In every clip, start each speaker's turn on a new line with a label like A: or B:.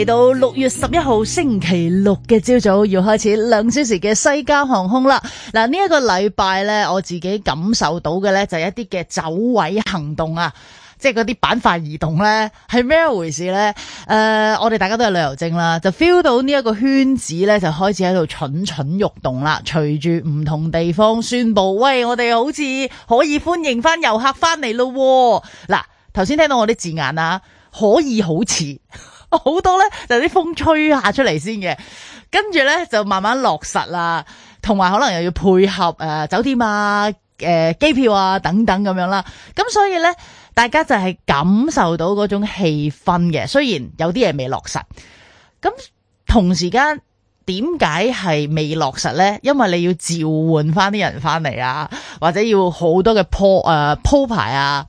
A: 嚟到六月十一號星期六嘅朝早要開始兩小時嘅西加航空啦。嗱，呢一個禮拜呢，我自己感受到嘅呢，就一啲嘅走位行動啊，即係嗰啲板塊移動呢，係咩回事呢？誒，我哋大家都係旅遊證啦，就 feel 到呢一個圈子呢，就開始喺度蠢蠢欲動啦。隨住唔同地方宣布，喂，我哋好似可以歡迎翻遊客翻嚟咯。嗱，頭先聽到我啲字眼啊，可以好似。好多呢，就啲風吹下出嚟先嘅，跟住呢，就慢慢落實啦。同埋可能又要配合誒、呃、酒店啊、誒、呃、機票啊等等咁樣啦。咁所以呢，大家就係感受到嗰種氣氛嘅。雖然有啲嘢未落實，咁同時間點解係未落實呢？因為你要召喚翻啲人翻嚟啊，或者要好多嘅鋪誒鋪排啊，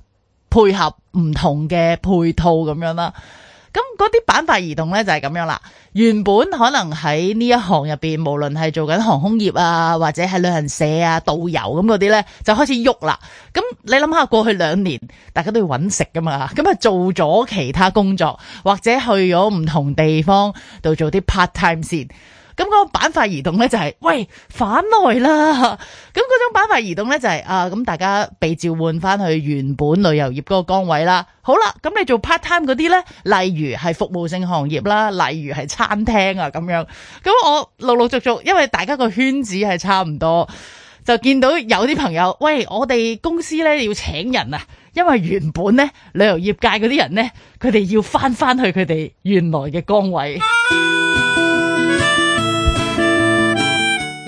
A: 配合唔同嘅配套咁樣啦、啊。咁嗰啲板塊移動咧，就係咁樣啦，原本可能喺呢一行入邊，無論係做緊航空業啊，或者係旅行社啊、導遊咁嗰啲咧，就開始喐啦。咁你諗下過去兩年，大家都要搵食噶嘛，咁啊做咗其他工作，或者去咗唔同地方度做啲 part time 先。咁、那、嗰個板塊移動呢，就係、是、喂，返來啦，咁嗰種板塊移動呢，就係、是、啊咁大家被召喚翻去原本旅遊業個崗位啦。好啦，咁你做 part time 嗰啲呢，例如係服務性行業啦，例如係餐廳啊咁樣。咁我陸陸續續，因為大家個圈子係差唔多，就見到有啲朋友，喂，我哋公司呢要請人啊，因為原本呢旅遊業界嗰啲人呢，佢哋要翻翻去佢哋原來嘅崗位。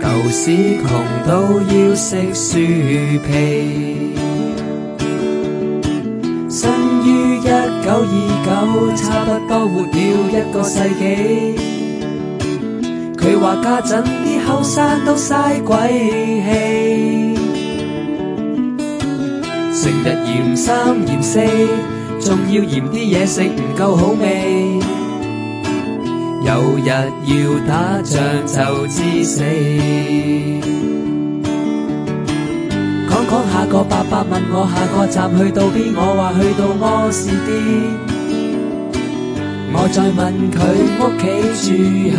B: 舊時窮到要食樹皮。生於一九二九，差不多活了一個世紀。佢話家陣啲後生都嘥鬼氣，成日嫌三嫌四，仲要嫌啲嘢食唔夠好味。有日要打仗就知死。講講下個伯伯問我下個站去到邊，我話去到柯士甸。我再問佢屋企住喺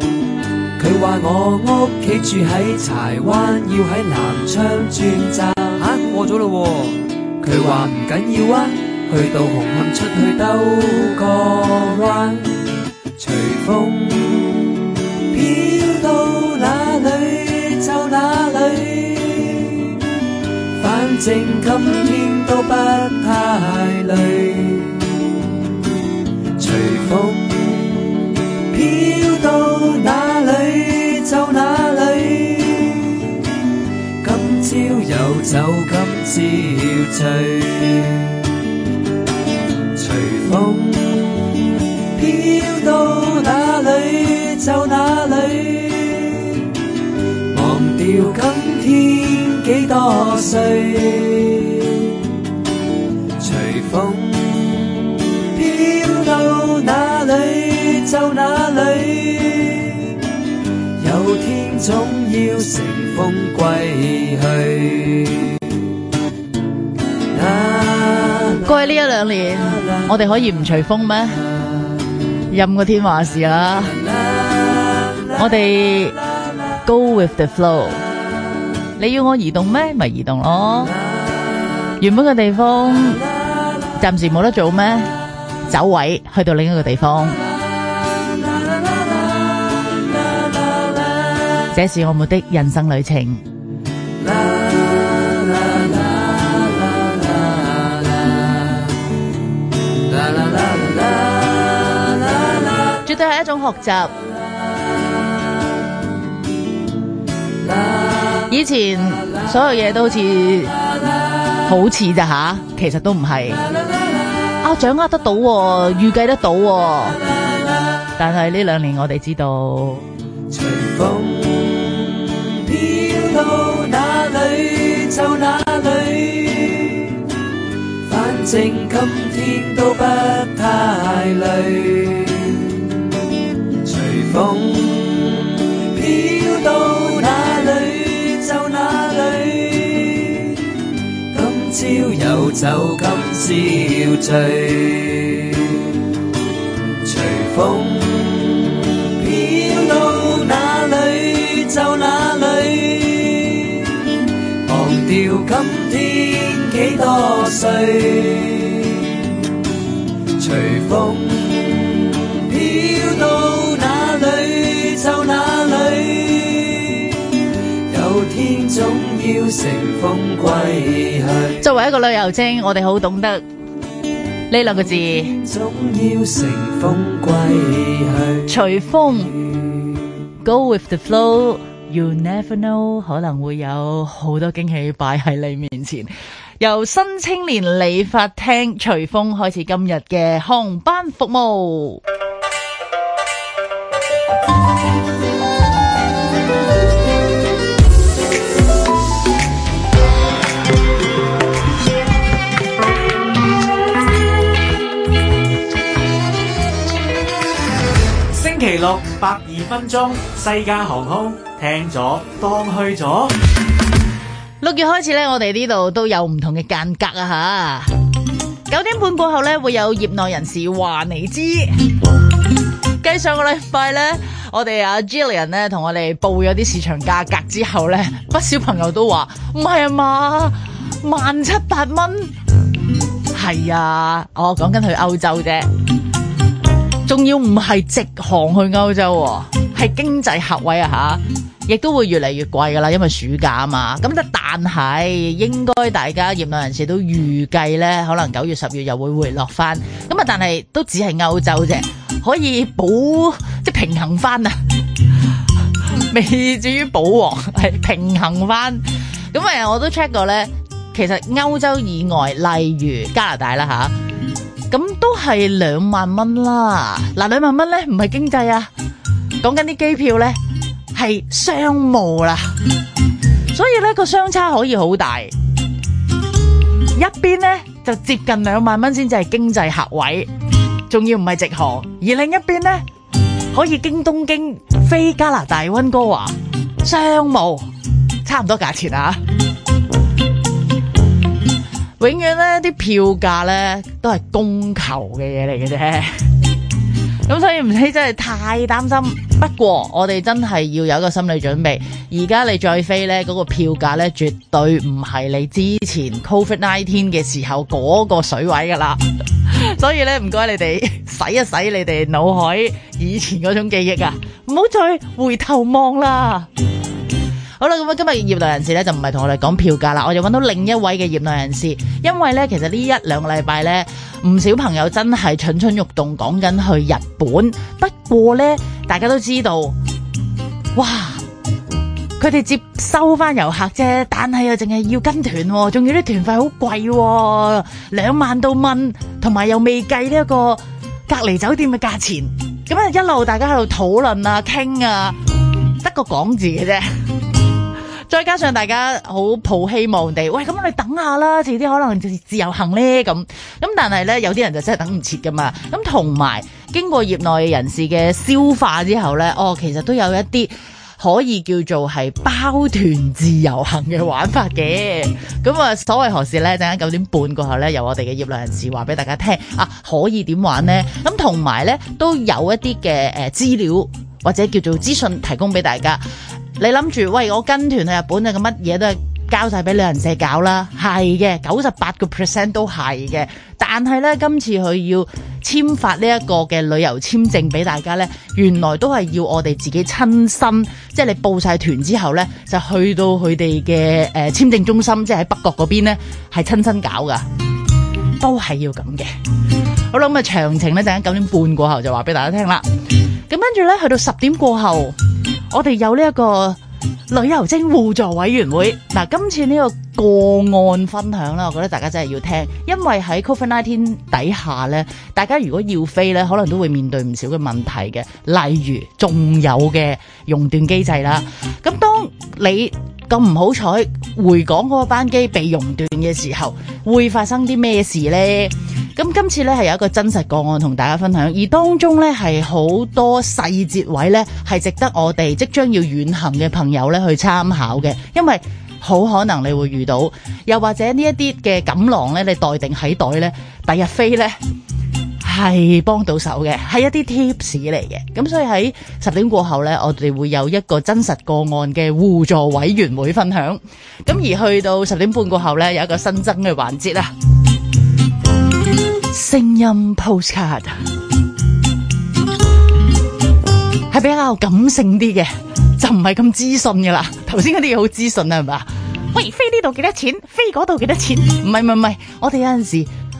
B: 邊，佢話我屋企住喺柴灣，要喺南昌轉站。吓，過咗咯，佢話唔緊要啊。去到紅磡出去兜個彎，隨風飄到哪裏就哪裏，反正今天都不太累。隨風飄到哪裏就哪裏，今朝有酒今朝醉。隨風飄到哪裏就哪裏，忘掉今天幾多歲。隨風飄到哪裏就哪裏，有天總要乘風歸去。
A: 過去呢一兩年，我哋可以唔隨風咩？任個天話事啦，我哋 go with the flow。你要我移動咩？咪移動咯。原本嘅地方，暫時冇得做咩？走位去到另一個地方。這是我們的人生旅程。即係一種學習。以前所有嘢都似好似咋吓？其實都唔係。啊，掌握得到，預計得到。但係呢兩年我哋知道。隨風
B: 飄到哪裏就哪裏，反正今天都不太累。隨風飄到哪裏就哪裏，今朝有酒今朝醉。隨風飄到哪裏就哪裏，忘掉今天幾多歲。乘風歸
A: 去。作為一個旅遊精，我哋好懂得呢兩個字。總要乘風歸去，隨風。Go with the flow，you never know，可能會有好多驚喜擺喺你面前。由新青年理髮廳隨風開始今日嘅航班服務。
B: 六百二分鐘，西加航空聽咗當去咗。
A: 六月開始咧，我哋呢度都有唔同嘅間隔啊！吓、啊，九點半過後咧，會有業內人士話你知。繼上個禮拜咧，我哋阿、啊、Jillian 咧同我哋報咗啲市場價格之後咧，不少朋友都話唔係啊嘛，萬七八蚊。係啊，我講緊去歐洲啫。仲要唔係直航去歐洲，係經濟客位啊吓，亦都會越嚟越貴噶啦，因為暑假嘛。咁但係應該大家業內人士都預計咧，可能九月十月又會回落翻。咁啊，但係都只係歐洲啫，可以補即係平衡翻啊，未至於保王係平衡翻。咁誒，我都 check 過咧，其實歐洲以外，例如加拿大啦吓。咁都係兩萬蚊啦，嗱兩萬蚊咧唔係經濟啊，講緊啲機票咧係商務啦，所以咧個相差，可以好大，一邊咧就接近兩萬蚊先至係經濟客位，仲要唔係直航，而另一邊咧可以經東京飛加拿大溫哥華商務，差唔多價錢啊。永遠咧啲票價咧都係供求嘅嘢嚟嘅啫，咁 所以唔使真係太擔心。不過我哋真係要有一個心理準備，而家你再飛咧嗰、嗰個票價咧絕對唔係你之前 Covid 19嘅時候嗰個水位噶啦。 所以咧唔該你哋洗一洗你哋腦海以前嗰種記憶啊，唔好再回頭望啦。好啦，咁啊，今日業內人士咧就唔係同我哋講票價啦，我就搵到另一位嘅業內人士，因為咧其實呢一兩個禮拜咧，唔少朋友真係蠢蠢欲動，講緊去日本。不過咧，大家都知道，哇，佢哋接收翻遊客啫，但係又淨係要跟團喎，仲要啲團費好貴喎，啊，兩萬到蚊，同埋又未計呢一個隔離酒店嘅價錢。咁啊，一路大家喺度討論啊，傾啊，得個講字嘅啫。再加上大家好抱希望地，喂咁你等下啦，遲啲可能就自由行咧咁咁，但係呢，有啲人就真係等唔切噶嘛。咁同埋經過業內人士嘅消化之後呢，哦，其實都有一啲可以叫做係包團自由行嘅玩法嘅。咁啊，所謂何事呢？陣間九點半過後呢，由我哋嘅業內人士話俾大家聽啊，可以點玩呢？咁同埋呢，都有一啲嘅誒資料或者叫做資訊提供俾大家。你諗住喂，我跟團去日本啊，咁乜嘢都係交晒俾旅行社搞啦，係嘅，九十八個 percent 都係嘅。但係咧，今次佢要簽發呢一個嘅旅遊簽證俾大家咧，原來都係要我哋自己親身，即係你報晒團之後咧，就去到佢哋嘅誒簽證中心，即係喺北角嗰邊咧，係親身搞㗎，都係要咁嘅。好啦，咁啊，詳情咧就喺九點半過後就話俾大家聽啦。咁跟住咧，去到十點過後。我哋有呢一個旅遊證互助委員會，嗱，今次呢個個案分享啦，我覺得大家真係要聽，因為喺 Covid nineteen 底下，大家如果要飛，可能都會面對唔少嘅問題嘅，例如仲有嘅熔斷機制啦，咁當你。咁唔好彩，回港嗰個班機被熔斷嘅時候，會發生啲咩事咧？咁今次咧係有一個真實個案同大家分享，而當中咧係好多細節位咧係值得我哋即將要遠行嘅朋友咧去參考嘅，因為好可能你會遇到，又或者呢一啲嘅錦囊咧，你待定喺袋咧，第日飛咧。係幫到手嘅，係一啲 tips 嚟嘅。咁所以喺十點過後咧，我哋會有一個真實個案嘅互助委員會分享。咁而去到十點半過後咧，有一個新增嘅環節啦，聲音 postcard 係比較感性啲嘅，就唔係咁資訊噶啦。頭先嗰啲嘢好資訊啊，係嘛？喂，飛呢度幾多錢？飛嗰度幾多錢？唔係唔係唔係，我哋有陣時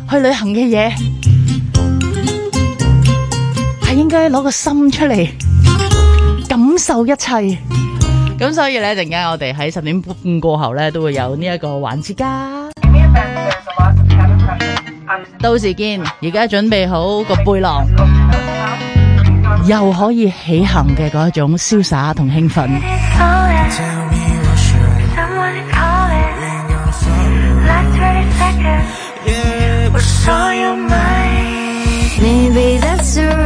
A: 去旅行嘅嘢。係應該攞個心出嚟感受一切，咁 所以咧陣間我哋喺十點半過後咧都會有呢一個環節噶，到時見，而家準備好個背囊， 又可以起行嘅嗰一種瀟灑同興奮。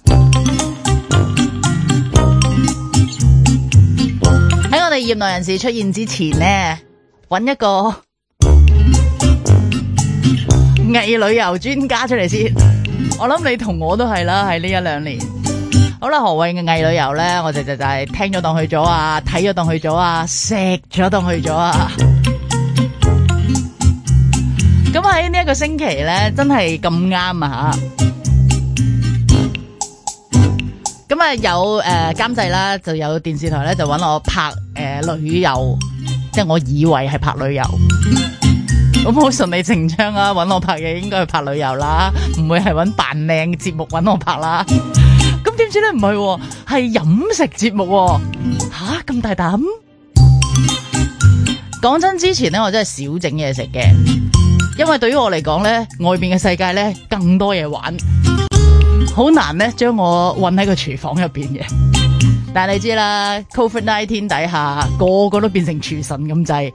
A: 業內人士出現之前咧，搵一個偽旅遊專家出嚟先。我諗你同我都係啦，喺呢一兩年。好啦，何謂嘅偽旅遊咧，我哋就就係聽咗當去咗啊，睇咗當去咗啊，食咗當去咗啊。咁喺呢一個星期咧，真係咁啱啊吓！咁、嗯、啊有誒監製啦，就有電視台咧就揾我拍誒、呃、旅遊，即係我以為係拍旅遊，咁好順理成章啊。揾我拍嘢應該係拍旅遊啦，唔會係揾扮靚節目揾我拍啦。咁點知咧唔係，係飲食節目吓、啊、咁、啊、大膽。講真，之前咧我真係少整嘢食嘅，因為對於我嚟講咧，外面嘅世界咧更多嘢玩。好難咧，將我運喺個廚房入邊嘅。但係你知啦，COVID-19 底下個個都變成廚神咁滯，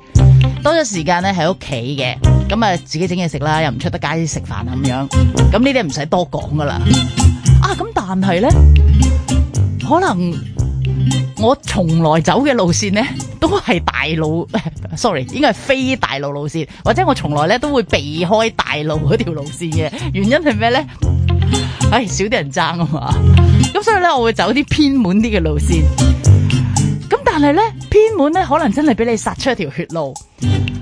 A: 多咗時間咧喺屋企嘅，咁啊自己整嘢食啦，又唔出得街食飯啊咁樣。咁呢啲唔使多講噶啦。啊，咁但係咧，可能我從來走嘅路線咧，都係大路，sorry，應該係非大路路線，或者我從來咧都會避開大路嗰條路線嘅。原因係咩咧？唉，少啲人爭啊嘛，咁所以咧我會走啲偏門啲嘅路線，咁但係咧偏門咧可能真係俾你殺出一條血路，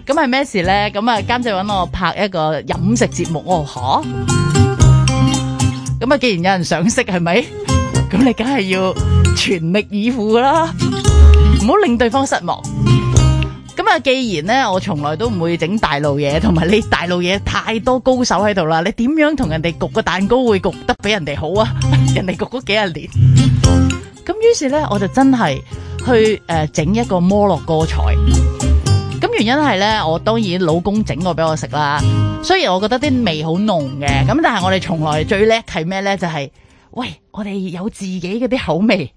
A: 咁係咩事咧？咁啊監製揾我拍一個飲食節目哦，嗬、啊，咁啊既然有人賞識係咪？咁你梗係要全力以赴㗎啦，唔好令對方失望。咁啊！既然咧，我從來都唔會整大路嘢，同埋你大路嘢太多高手喺度啦，你點樣同人哋焗個蛋糕會焗得比人哋好啊？人哋焗咗幾十年，咁於是咧，我就真係去誒整、呃、一個摩洛哥菜。咁原因係咧，我當然老公整過俾我食啦。雖然我覺得啲味好濃嘅，咁但係我哋從來最叻係咩咧？就係、是、喂，我哋有自己嗰啲口味。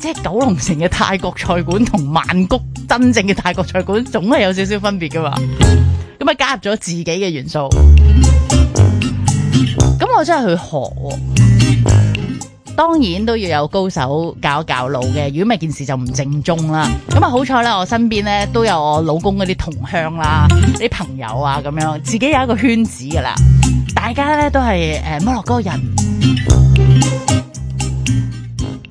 A: 即係九龍城嘅泰國菜館同曼谷真正嘅泰國菜館，總係有少少分別噶嘛。咁啊加入咗自己嘅元素，咁我真係去學、哦。當然都要有高手教一教路嘅，如果唔係件事就唔正宗啦。咁啊好彩咧，我身邊咧都有我老公嗰啲同鄉啦，啲朋友啊咁樣，自己有一個圈子噶啦。大家咧都係誒摩洛哥人，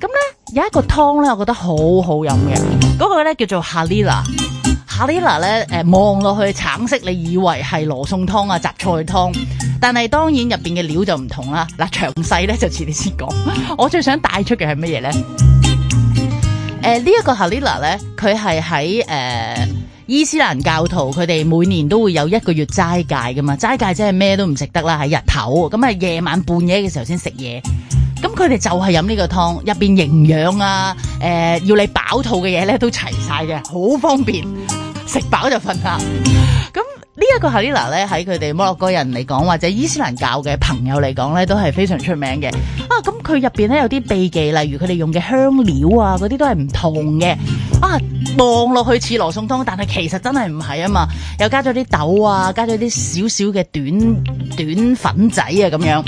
A: 咁咧。有一個湯咧，我覺得好好飲嘅，嗰、那個咧叫做 Halila，Halila 咧，誒，望落去橙色，你以為係羅宋湯啊、雜菜湯，但係當然入邊嘅料就唔同啦。嗱，詳細咧就遲啲先講。我最想帶出嘅係乜嘢咧？誒、呃，這個、呢一個 Halila 咧，佢係喺誒伊斯蘭教徒，佢哋每年都會有一個月齋戒噶嘛，齋戒真係咩都唔食得啦，喺日頭，咁啊夜晚半夜嘅時候先食嘢。咁佢哋就係飲呢個湯，入邊營養啊，誒、呃，要你飽肚嘅嘢咧都齊晒嘅，好方便，食飽就瞓啦。咁 呢一個 Harira 咧喺佢哋摩洛哥人嚟講，或者伊斯蘭教嘅朋友嚟講咧，都係非常出名嘅。啊，咁佢入邊咧有啲秘技，例如佢哋用嘅香料啊，嗰啲都係唔同嘅。啊，望落去似羅宋湯，但係其實真係唔係啊嘛，又加咗啲豆啊，加咗啲少少嘅短短粉仔啊，咁樣。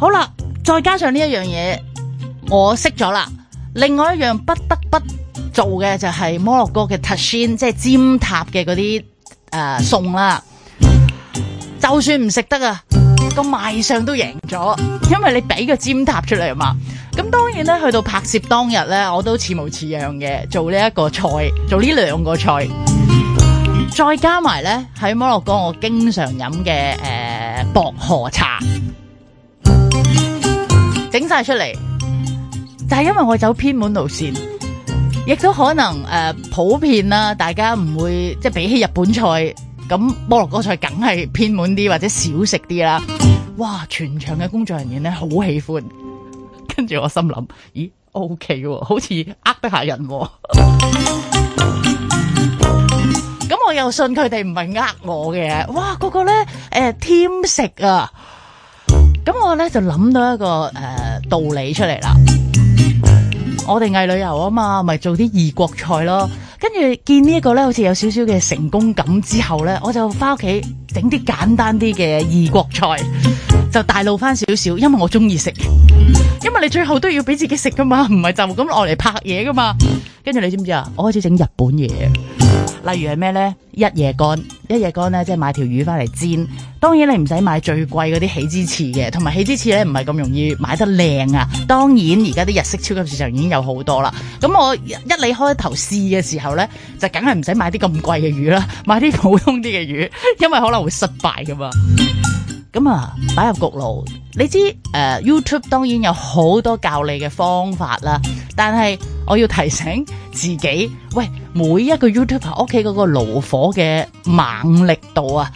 A: 好啦。再加上呢一樣嘢，我識咗啦。另外一樣不得不做嘅就係摩洛哥嘅塔吉，即係尖塔嘅嗰啲誒餸啦。就算唔食得啊，個賣相都贏咗，因為你俾個尖塔出嚟嘛。咁當然咧，去到拍攝當日咧，我都似模似樣嘅做呢一個菜，做呢兩個菜，再加埋咧喺摩洛哥我經常飲嘅誒、呃、薄荷茶。整晒出嚟，就係、是、因為我走偏門路線，亦都可能誒、呃、普遍啦，大家唔會即係比起日本菜，咁摩洛哥菜梗係偏門啲或者少食啲啦。哇！全場嘅工作人員咧好喜歡，跟 住我心諗，咦？O K 喎，好似呃得下人，啊，咁 我又信佢哋唔係呃我嘅。哇！嗰、那個咧誒、呃，添食啊！咁我咧就諗到一個誒、呃、道理出嚟啦。我哋藝旅遊啊嘛，咪做啲異國菜咯。跟住見呢一個咧，好似有少少嘅成功感之後咧，我就翻屋企整啲簡單啲嘅異國菜，就大路翻少少。因為我中意食，因為你最後都要俾自己食噶嘛，唔係就咁落嚟拍嘢噶嘛。跟住你知唔知啊？我開始整日本嘢。例如係咩呢？一夜乾，一夜乾呢，即係買條魚翻嚟煎。當然你唔使買最貴嗰啲起之翅嘅，同埋起之翅呢，唔係咁容易買得靚啊。當然而家啲日式超級市場已經有好多啦。咁我一你開頭試嘅時候呢，就梗係唔使買啲咁貴嘅魚啦，買啲普通啲嘅魚，因為可能會失敗噶嘛。咁、嗯、啊，擺入焗爐。你知誒、呃，YouTube 當然有好多教你嘅方法啦。但係我要提醒自己，喂，每一個 YouTuber 屋企嗰個爐火嘅猛力度啊，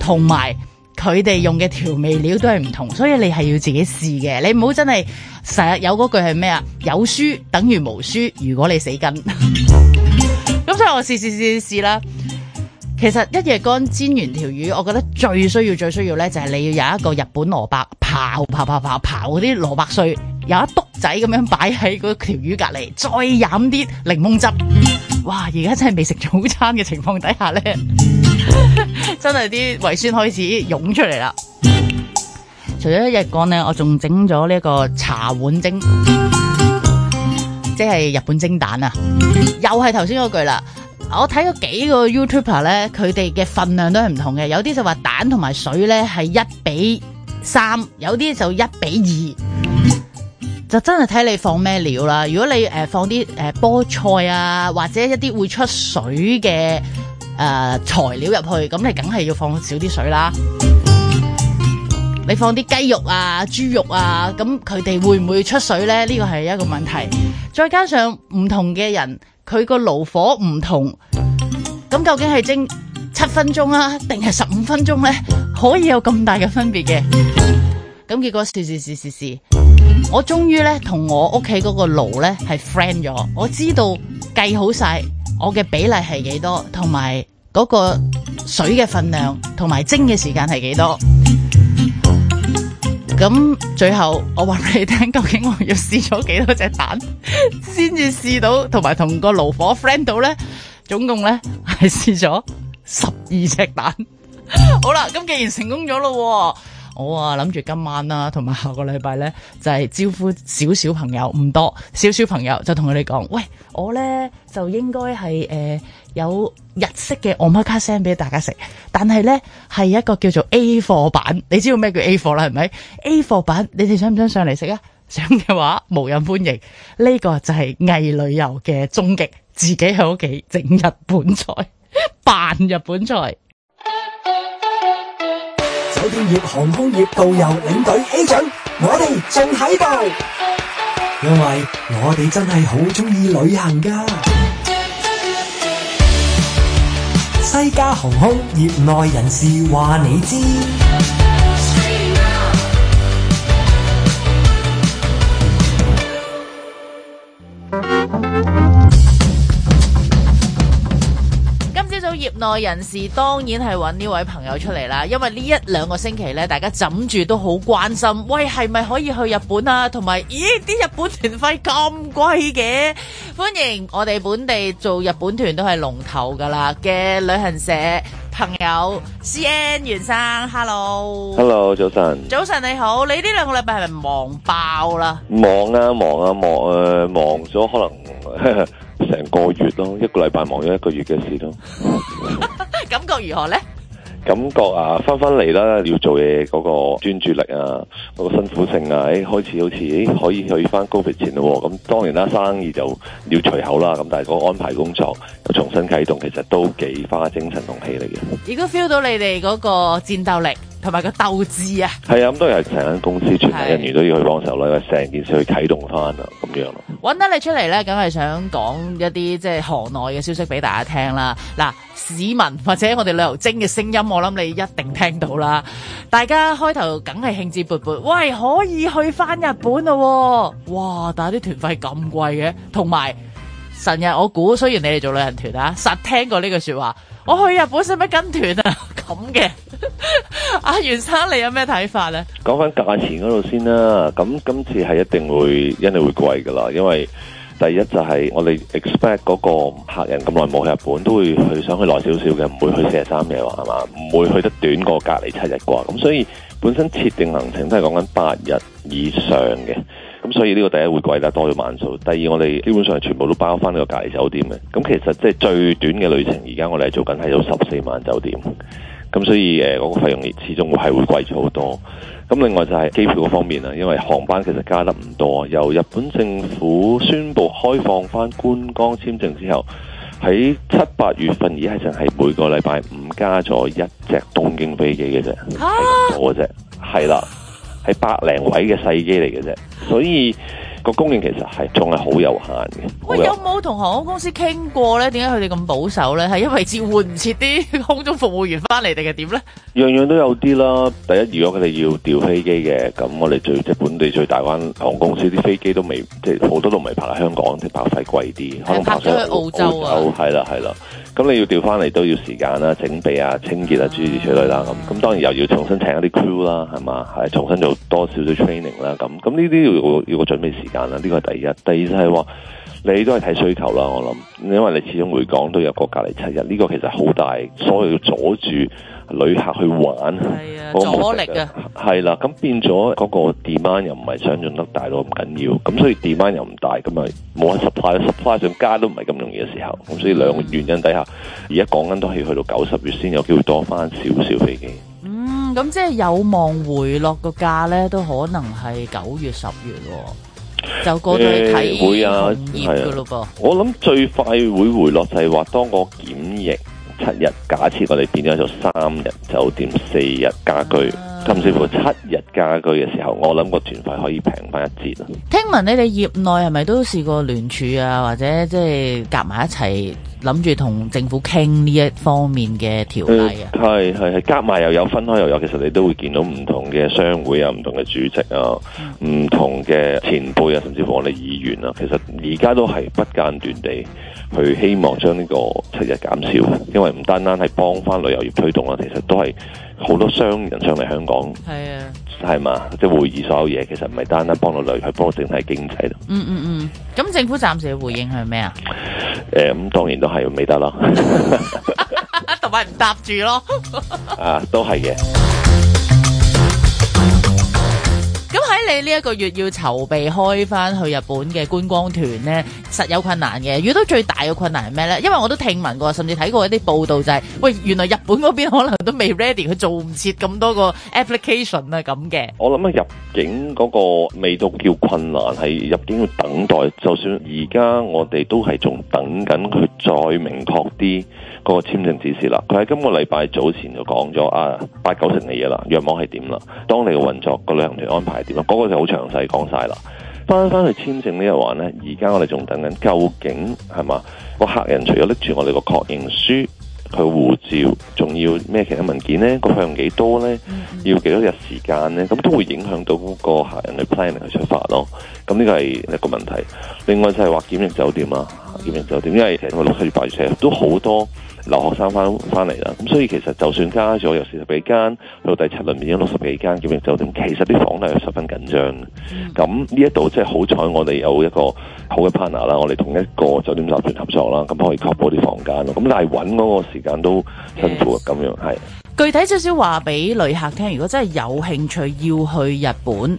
A: 同埋佢哋用嘅調味料都係唔同，所以你係要自己試嘅。你唔好真係成日有嗰句係咩啊？有書等於無書，如果你死跟。咁所以我試試試試啦。其實一夜乾煎完條魚，我覺得最需要、最需要咧，就係你要有一個日本蘿蔔刨刨刨刨刨嗰啲蘿蔔碎，有一篤仔咁樣擺喺嗰條魚隔籬，再飲啲檸檬汁。哇！而家真係未食早餐嘅情況底下咧， 真係啲胃酸開始湧出嚟啦。除咗一夜乾咧，我仲整咗呢個茶碗蒸，即係日本蒸蛋啊！又係頭先嗰句啦。我睇咗幾個 YouTuber 咧，佢哋嘅份量都係唔同嘅，有啲就話蛋同埋水咧係一比三，有啲就一比二，就真係睇你放咩料啦。如果你誒、呃、放啲誒、呃、菠菜啊，或者一啲會出水嘅誒、呃、材料入去，咁你梗係要放少啲水啦。你放啲雞肉啊、豬肉啊，咁佢哋會唔會出水咧？呢個係一個問題。再加上唔同嘅人。佢個爐火唔同，咁究竟係蒸七分鐘啊，定係十五分鐘咧？可以有咁大嘅分別嘅？咁結果試試試試試，我終於咧同我屋企嗰個爐咧係 friend 咗，我知道計好晒我嘅比例係幾多，同埋嗰個水嘅份量，同埋蒸嘅時間係幾多。咁最後我話俾你聽，究竟我要試咗幾多隻蛋先至試到，同埋同個爐火 friend 到咧，總共咧係試咗十二隻蛋。 好啦，咁既然成功咗咯。我啊諗住今晚啦，同埋下個禮拜呢，就係招呼少少朋友，唔多少少朋友就同佢哋講，喂，我呢就應該係誒有日式嘅 omakase 俾大家食，但係呢係一個叫做 A 貨版，你知道咩叫 A 貨啦，係咪？A 貨版，你哋想唔想上嚟食啊？想嘅話，無人歡迎。呢個就係偽旅遊嘅終極，自己喺屋企整日本菜，扮日本菜。酒店業、航空業、導遊領隊起掌，
C: 我哋仲喺度，因為我哋真係好中意旅行
D: 㗎。
C: 西加航空業內人士話你知。
A: 內人士當然係揾呢位朋友出嚟啦，因為呢一兩個星期呢，大家枕住都好關心，喂，係咪可以去日本啊？同埋，咦，啲日本團費咁貴嘅？歡迎我哋本地做日本團都係龍頭㗎啦嘅旅行社朋友，C N 袁生，hello，hello，Hello，早晨，早晨你好，你呢兩個禮拜係咪忙爆啦？
E: 忙啊忙啊忙誒、啊、忙咗、啊、可能。 成個月咯，一個禮拜忙咗一個月嘅事咯。
A: 感覺如何呢？
E: 感覺啊，返返嚟啦，要做嘢嗰、那個專注力啊，嗰、那個辛苦性啊，誒開始好似誒、欸、可以去返 COVID 前咯。咁當然啦，生意就要隨口啦。咁但係個安排工作又重新啟動，其實都幾花精神同氣力嘅。
A: 亦都 feel 到你哋嗰個戰鬥力？同埋個鬥志啊，
E: 係啊，咁都係成間公司全部人員都要去幫手啦，成件事去啟動翻啦，咁樣咯。
A: 揾得你出嚟咧，梗係想講一啲即係行內嘅消息俾大家聽啦。嗱，市民或者我哋旅遊精嘅聲音，我諗你一定聽到啦。大家開頭梗係興致勃勃，喂，可以去翻日本咯啊，哇！但係啲團費咁貴嘅，同埋成日我估，雖然你哋做旅行團啊，實聽過呢句說話。我去日本使乜跟團啊？咁嘅、 啊，阿袁生你有咩睇法呢？
E: 講翻價錢嗰度先啦，咁今次係一定會，一定會貴噶啦。因為第一就係我哋 expect 嗰個客人咁耐冇去日本，都會去想去耐少少嘅，唔會去四日三夜話係嘛，唔會去得短過隔離七日啩。咁所以本身設定行程都係講緊八日以上嘅。咁所以呢個第一會貴得多咗萬數。第二，我哋基本上全部都包翻呢個隔離酒店嘅。咁其實即係最短嘅旅程，而家我哋做緊係有十四萬酒店。咁所以誒嗰個費用始終係會貴咗好多。咁另外就係機票嗰方面啦，因為航班其實加得唔多。由日本政府宣布開放翻觀光簽證之後，喺七八月份而家就係每個禮拜五加咗一隻東京飛機嘅啫，多啫，係啦。係百零位嘅細機嚟嘅啫，所以個供應其實係仲係好有限嘅。喂，有
A: 冇同航空公司傾過咧？點解佢哋咁保守咧？係因為接換唔切啲空中服務員翻嚟定係點咧？
E: 樣呢樣都有啲啦。第一，如果佢哋要調飛機嘅，咁我哋最即係本地最大間航空公司啲飛機都未，即係好多都未泊喺香港，即啲泊費貴啲。可能泊咗去澳洲，澳洲啊？係啦，係啦。對咁你要調翻嚟都要時間啦，整備啊、清潔啊、諸如此類啦、啊。咁咁當然又要重新請一啲 crew 啦，係嘛，係重新做多少少 training 啦。咁咁呢啲要要個準備時間啦。呢、這個係第一，第二就係、是、話你都係睇需求啦。我諗，因為你始終回港都有個隔離七日，呢、這個其實好大所謂，要阻住。旅客去玩，啊、那個的，阻力啊，係啦，咁變咗嗰個 demand 又唔係想像得大咯，咁緊要，咁所以 demand 又唔大，咁咪冇話 supply，supply 上加都唔係咁容易嘅時候，咁所以兩個原因底下，而家講緊都係去到九十月先有機會多翻少少飛機。嗯，
A: 咁、嗯、即係有望回落個價咧，都可能係九月十月，月就過咗去睇會、欸、啊嘅咯噃。
E: 我諗最快會回落就係話當個檢疫。七日，假設我哋變咗做三日酒店、四日家居、啊，甚至乎七日家居嘅時候，我諗個團費可以平翻一節咯。
A: 聽聞你哋業內係咪都試過聯署啊，或者即係夾埋一齊諗住同政府傾呢一方面嘅條例啊？
E: 係係係，夾埋又有，分開又有，其實你都會見到唔同嘅商會啊，唔同嘅主席啊，唔同嘅前輩啊，甚至乎我哋議員啊，其實而家都係不間斷地。佢希望將呢個七日減少，因為唔單單係幫翻旅遊業推動啊，其實都係好多商人上嚟香港，係啊，係嘛，即、就、係、是、會議所有嘢，其實唔係單單幫到旅遊，幫到整體經濟咯。嗯嗯嗯，
A: 咁、嗯、政府暫時嘅回應係咩啊？
E: 誒、嗯，咁當然都係唔咪得咯，
A: 同埋唔搭住咯，
E: 啊，都係嘅。
A: 咁喺你呢一個月要籌備開翻去日本嘅觀光團呢，實有困難嘅。遇到最大嘅困難係咩呢？因為我都聽聞過，甚至睇過一啲報道，就係喂，原來日本嗰邊可能都未 ready，佢做唔切咁多個 application 啊咁嘅。
E: 我諗啊，入境嗰個未到叫困難，係入境要等待。就算而家我哋都係仲等緊佢再明確啲。個簽證指示啦，佢喺今個禮拜早前就講咗啊八九成嘅嘢啦，約望係點啦，當你嘅運作個旅行團安排點啦，嗰、嗰個就好詳細講晒啦。翻翻去簽證話呢一環咧，而家我哋仲等緊，究竟係嘛個客人除咗拎住我哋個確認書、佢護照，仲要咩其他文件咧？個費用幾多咧？要幾多日時間咧？咁都會影響到個客人嘅 plan 去出發咯。咁呢個係一個問題。另外就係話檢疫酒店啊，檢疫酒店，因為其實我六七月八月都好多。留學生翻翻嚟啦，咁所以其實就算加咗有四十幾間，去到第七輪面有六十幾間檢疫酒店，其實啲房都係十分緊張，咁呢一度即係好彩，嗯、我哋有一個好嘅 partner 啦，我哋同一個酒店集團合作啦，咁可以確保啲房間咯。咁但係揾嗰個時間都辛苦啊。咁、yes. 樣係。
A: 具體少少話俾旅客聽，如果真係有興趣要去日本。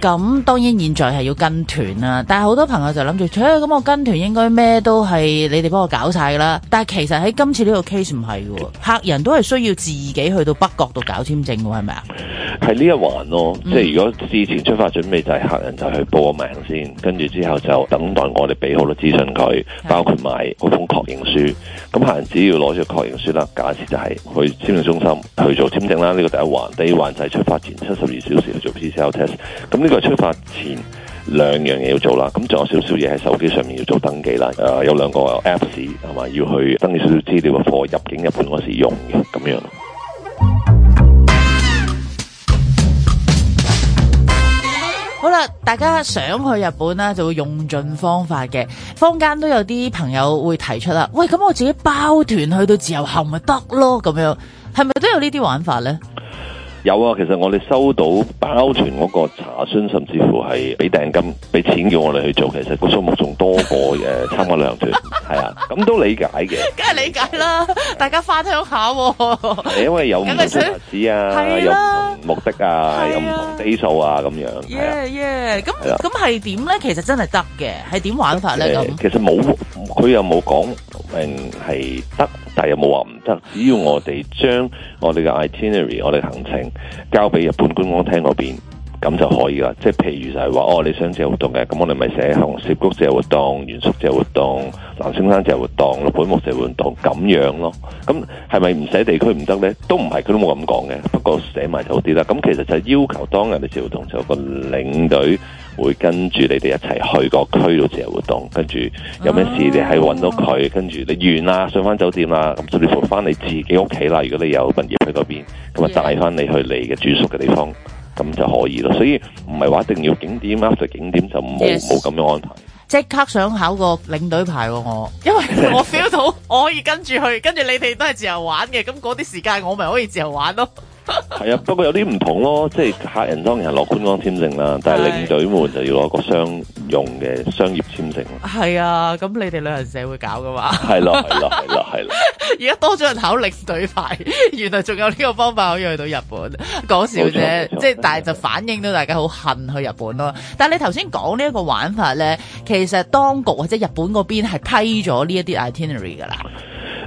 A: 咁當然現在係要跟團啦，但係好多朋友就諗住，誒咁我跟團應該咩都係你哋幫我搞晒㗎啦。但係其實喺今次呢個 case 唔係喎，客人都係需要自己去到北角度搞簽證喎，係咪啊？
E: 係呢一環咯，即係如果事前出發準備就係、係、客人就去報個名先，跟住之後就等待我哋俾好多資訊佢，包括買嗰封確認書。咁客人只要攞咗確認書啦，假設就係去簽證中心去做簽證啦。呢、呢個第一環，第二環就係出發前七十二小時去做 PCR test。咁呢個係出發前兩樣嘢要做啦。咁仲有少少嘢喺手機上面要做登記啦、呃。有兩個有 Apps 係咪要去登記少少資料，貨入境日本嗰時用嘅咁樣。
A: 好啦，大家想去日本啦，就會用盡方法嘅。坊間都有啲朋友會提出啦，喂，咁我自己包團去到自由行咪得咯，咁樣係咪都有呢啲玩法呢？
E: 有啊，其實我哋收到包團嗰個查詢，甚至乎係俾訂金、俾錢叫我哋去做，其實個數目仲多過誒參加旅行團，係啊，咁都理解嘅。梗
A: 係理解啦，大家分享下。係因
E: 為有唔同牌子啊，有唔同目的啊，有唔同基數啊，咁樣。Yeah，
A: yeah。咁咁係點咧？其實真係得嘅，係點玩法咧咁？
E: 其實冇，佢又冇講明係得。係有冇話唔得？只要我哋將我哋嘅 itinerary，我哋行程交俾日本觀光廳嗰邊，咁就可以噶。即係譬如就係話哦，你想自由活動嘅，咁我哋咪寫紅涉谷自由活動、原宿自由活動、南青山自由活動、六本木自由活動咁樣咯。咁係咪唔寫地區唔得呢？都唔係，佢都冇咁講嘅。不過寫埋就好啲啦。咁其實就係要求當日嘅自由活動就有個領隊。會跟住你哋一齊去個區度自由活動，跟住有咩事你係搵到佢、啊，跟住你完啦，上翻酒店啦，咁甚至乎翻你自己屋企啦。如果你有物業去嗰邊，咁啊帶翻你去你嘅住宿嘅地方，咁、yeah. 就可以咯。所以唔係話一定要景點啊，對、yeah. 景點就冇冇咁樣安排。
A: 即刻想考個領隊牌、啊、我，
E: 因為我
A: feel 到我可以跟住去， 跟住你哋都係自由玩嘅，咁嗰啲時間我咪可以自由玩咯。
E: 係 啊，不過有啲唔同咯，即係客人當然係落觀光簽證啦，但係領隊們就要攞個商用嘅商業簽證啦。
A: 係啊，咁你哋旅行社會搞噶嘛？係 咯，係咯，係咯，係咯。而家 多咗人考領隊牌，原來仲有呢個方法可以去到日本，講笑啫！即係、就是，但係就反映到大家好恨去日本咯。但係你頭先講呢一個玩法咧，其實當局或者日本嗰邊係批咗呢一啲 itinerary 噶啦。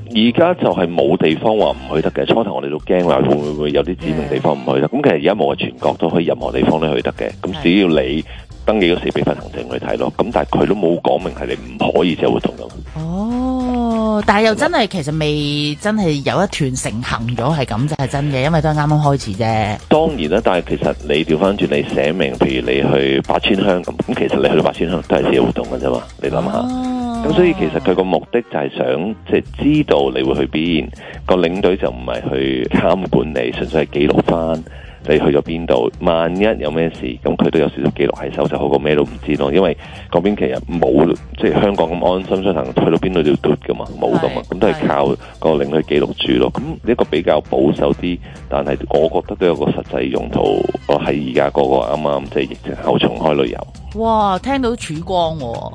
E: 而家就係冇地方話唔去得嘅，初頭我哋都驚話會唔會有啲指定地方唔去得。咁、yeah. 其實而家冇話全國都可以，任何地方都去得嘅。咁、yeah. 只要你登記嗰時俾分行程去睇咯。咁但係佢都冇講明係你唔可以自由活動咯。哦、oh，
A: 但係又真係其實未真係有一團成行咗係咁就係真嘅，因為都係啱啱開始啫。
E: 當然啦，但係其實你調翻轉你寫明，譬如你去八千鄉咁，咁其實你去到八千鄉都係自由活動嘅啫嘛。你諗下。Oh. 咁所以其實佢個目的就係想即係知道你會去邊，個領隊就唔係去監管你，純粹係記錄返。你去咗邊度？萬一有咩事，咁佢都有少少記錄喺手，就好過咩都唔知咯。因為嗰邊其實冇，即係香港咁安心出行，去到邊度都要嘟噶嘛，冇噶嘛。咁都係靠個領去記錄住咯。咁呢個比較保守啲，但係我覺得都有個實際用途。我係而家個個啱啱即係疫情後重開旅遊。
A: 哇！聽到曙光喎、
E: 哦。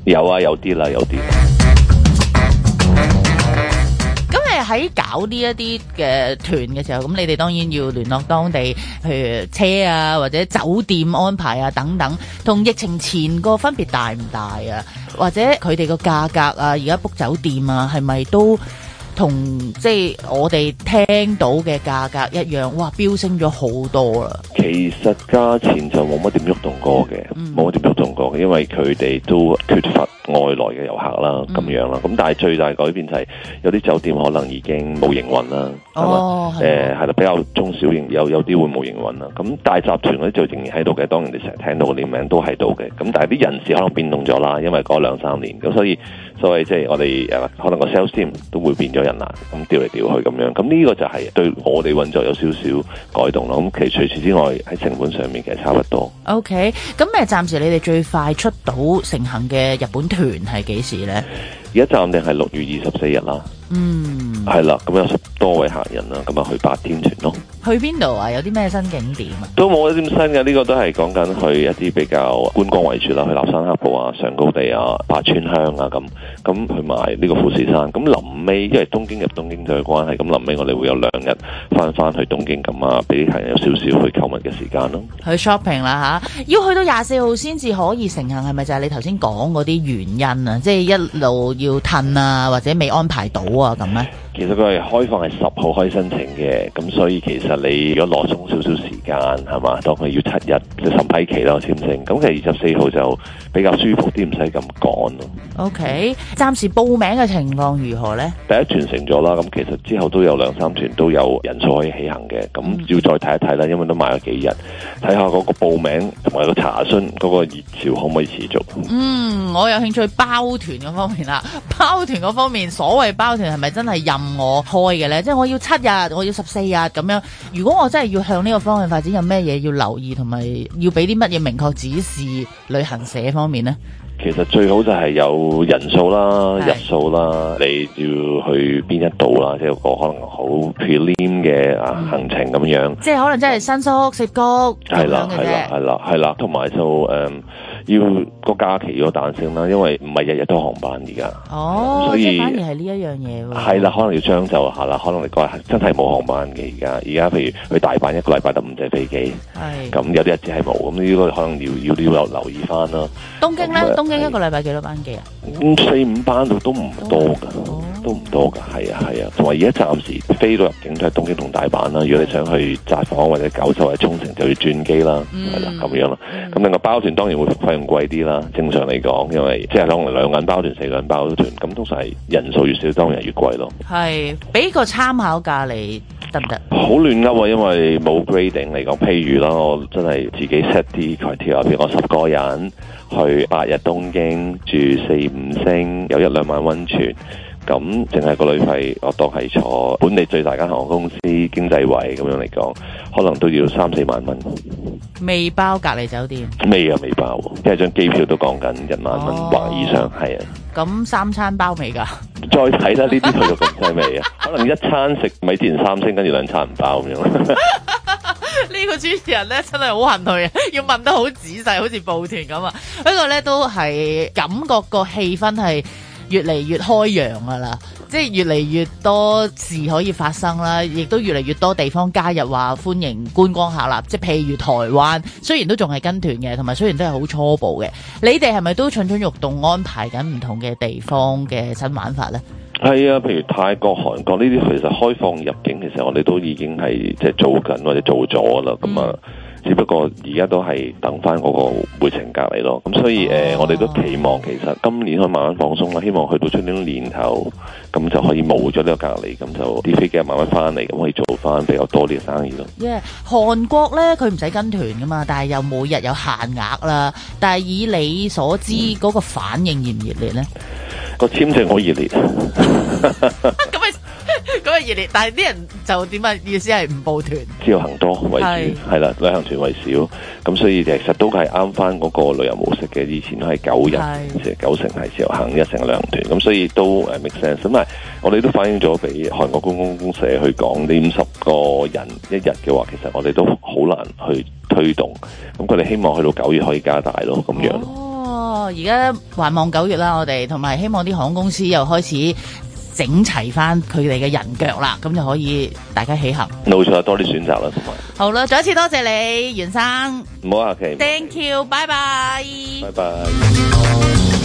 E: 有啊，有啲啦，有啲。
A: 喺搞呢一啲嘅團嘅時候，咁你哋當然要聯絡當地，譬如車啊或者酒店安排啊等等，同疫情前個分別大唔大啊？或者佢哋個價格啊，而家 book 酒店啊，係咪都？同即係我哋聽到嘅價格一樣，哇！飆升咗好多啊。
E: 其實價錢就冇乜點喐動過嘅，冇乜點喐動過嘅，因為佢哋都缺乏外來嘅遊客啦，咁、嗯、樣啦。咁但係最大改變就係、是、有啲酒店可能已經冇營運啦，
D: 係、哦、嘛？誒
E: 係啦，比較中小型有有啲會冇營運啦。咁大集團咧就仍然喺度嘅，當然你成日聽到個年名都喺度嘅。咁但係啲人事可能變動咗啦，因為嗰兩三年咁，所以。所以即係我哋誒可能個 sales team 都會變咗人啦，咁調嚟調去咁樣，咁呢個就係對我哋運作有少少改動咯。咁其實除此之外喺成本上面其實差不多。
A: OK，咁誒暫時你哋最快出到成行嘅日本團係幾
E: 時咧？而家暫定係六月二十四日啦。嗯，係啦，咁有十多位客人啦，咁啊去八天團咯，
A: 去邊度啊？有啲咩新景點啊？
E: 都冇一點新嘅，呢個都係講緊去一啲比較觀光為主啦，去立山黑部啊、上高地啊、八川鄉啊，咁咁去埋呢個富士山。咁臨尾，因為東京入東京嘅關係，咁臨尾我哋會有兩日翻翻去東京，咁啊俾啲客人有少少去購物嘅時間咯，
A: 去 shopping 啦吓。要去到廿四號先至可以成行，係咪就係你頭先講嗰啲原因啊？即係一路要褪啊，或者未安排到。啊咁咧，
E: 其實佢係開放係十號可以申請嘅，咁所以其實你如果落鬆少少時間係嘛，當佢要七日就審批期啦簽證，咁其實二十四號就比較舒服啲，唔使咁趕咯。
A: OK，暫時報名嘅情況如何咧？
E: 第一團成咗啦，咁其實之後都有兩三團都有人數可以起行嘅，咁要再睇一睇啦，因為都賣咗幾日，睇下嗰個報名同埋個查詢嗰個熱潮可唔可以持續。嗯，
A: 我有興趣包團嗰方面啦，包團嗰方面所謂包團。係咪真係任我開嘅咧？即、就、係、是、我要七日，我要十四日咁樣。如果我真係要向呢個方向發展，有咩嘢要留意同埋要俾啲乜嘢明確指示旅行社方面咧？
E: 其實最好就係有人數啦、入、哎、數啦，你要去邊一度啦，即係一個可能好 premium 嘅行程咁樣。即、嗯、
A: 係、就是、可能真係新宿、涉谷咁樣嘅啫。係啦，係啦，係
E: 啦，係啦，同埋就誒。Um, 要個假期要彈性啦，因為唔係日日都航班而家，哦，所以反
A: 而係呢一樣嘢。係
E: 啦，可能要將就下啦，可能你個日真係冇航班嘅而家。而家譬如去大阪一個禮拜得五隻飛機，咁有啲日子係冇，咁呢個可能要要,要留意翻啦。
A: 東京咧、就係，東京一個禮拜幾多班機啊？
E: 五四五班都都唔多噶，都唔、哦、多噶，係啊係啊。同埋而家暫時飛到入境都係東京同大阪啦。如果你想去札幌或者九州或者沖繩，就要轉機啦，係啦咁樣啦。咁、嗯、另個包團當然會飛。貴啲啦，正常嚟講，因為即係可能兩個人包團、四個人包團，咁通常係人數越少，當然係越貴咯。
A: 係，俾個參考價你得唔得？
E: 好亂噏啊，因為冇 grading 嚟講，譬如啦，我真係自己 set 啲 criteria，譬如我十個人去八日東京住四五星，有一兩晚温泉。咁，淨係個旅費，我當係坐本地最大間航空公司經濟位咁樣嚟講，可能都要三四萬蚊。
A: 未包隔離酒店？
E: 未啊，未包即係張機票都講緊一萬蚊或、哦、以上，係啊。
A: 咁三餐包未㗎？
E: 再睇啦，呢啲去到咁細味啊！ 可能一餐食米芝蓮三星，跟住兩餐唔包咁樣。呢 個主持人咧真係好恨佢啊！要問得好仔細，好似報團咁啊。
A: 不過咧都係感覺個氣氛係。越嚟越開揚噶啦，即係越嚟越多事可以發生啦，亦都越嚟越多地方加入話歡迎觀光客啦。即係譬如台灣，雖然都仲係跟團嘅，同埋雖然都係好初步嘅，你哋係咪都蠢蠢欲動安排緊唔同嘅地方嘅新玩法呢？
E: 係、嗯、啊，譬如泰國、韓國呢啲，其實開放入境，其實我哋都已經係即係做緊或者做咗啦，咁啊。只不過而家都係等翻嗰個回程隔離咯，咁所以誒、oh. 呃，我哋都期望其實今年可以慢慢放鬆啦，希望去到春天年頭，咁就可以冇咗呢個隔離，咁就啲飛機慢慢翻嚟，咁可以做翻比較多啲嘅生意咯。耶、
A: yeah，韓國咧，佢唔使跟團噶嘛，但係又每日有限額啦。但係以你所知嗰、mm. 個反應熱唔熱烈咧？
E: 個簽證好熱烈。
A: 咁 咁 啊熱烈，但係啲人就點啊意思係唔報團？
E: 自由行多為主，係啦，旅行團為少，咁所以其實都係啱翻嗰個旅遊模式嘅。以前都係九人，即係九成係自由行，一成旅行團，咁所以都 make sense。咁啊，我哋都反映咗俾韓國公共公社去講，呢五十個人一日嘅話，其實我哋都好難去推動。咁佢哋希望去到九月可以加大咯，咁樣。哦，
A: 而家還望九月啦，我哋同埋希望啲航空公司又開始。整齊翻佢哋嘅人腳啦，咁就可以
E: 大家起行。冇錯，多啲選擇啦，同埋
A: 好啦，再一次多謝,謝你，袁生。
E: 唔好客,客氣。
A: Thank you，拜拜。拜
E: 拜。Bye bye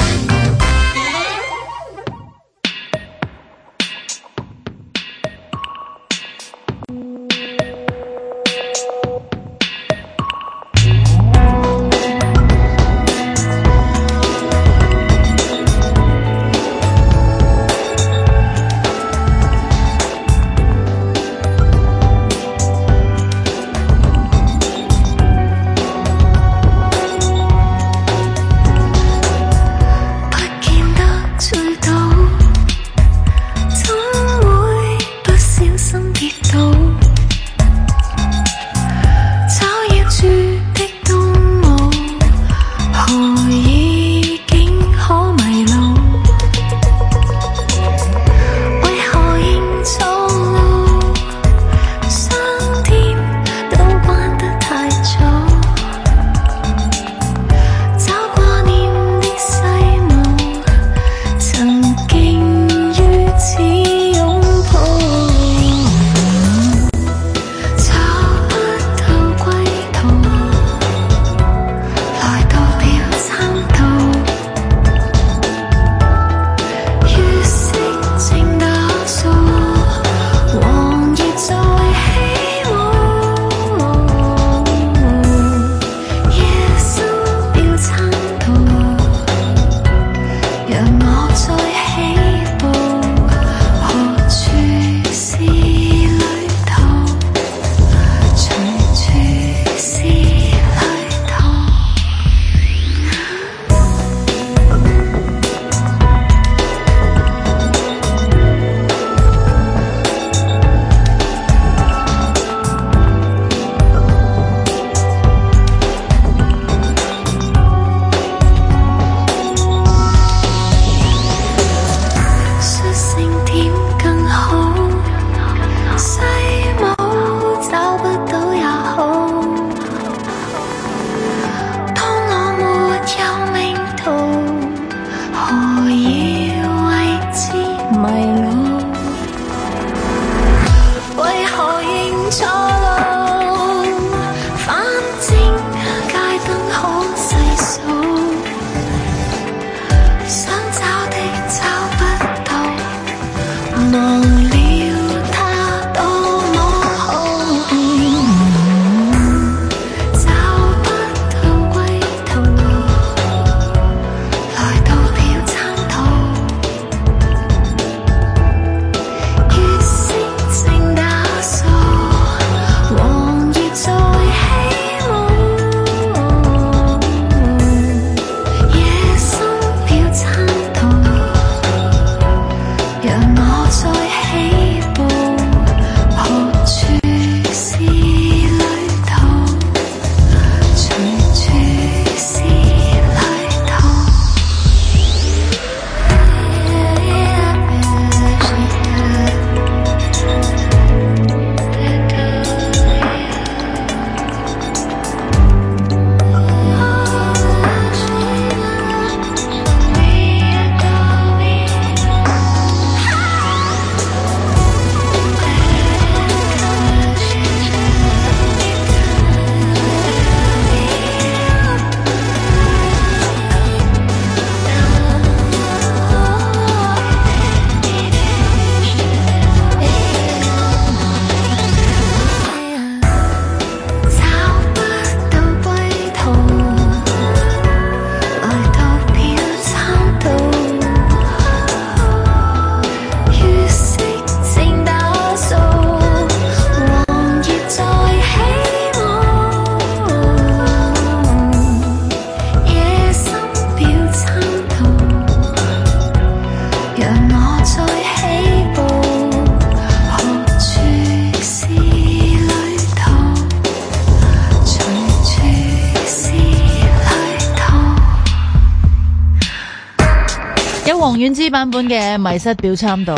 A: 版本嘅迷失表參道，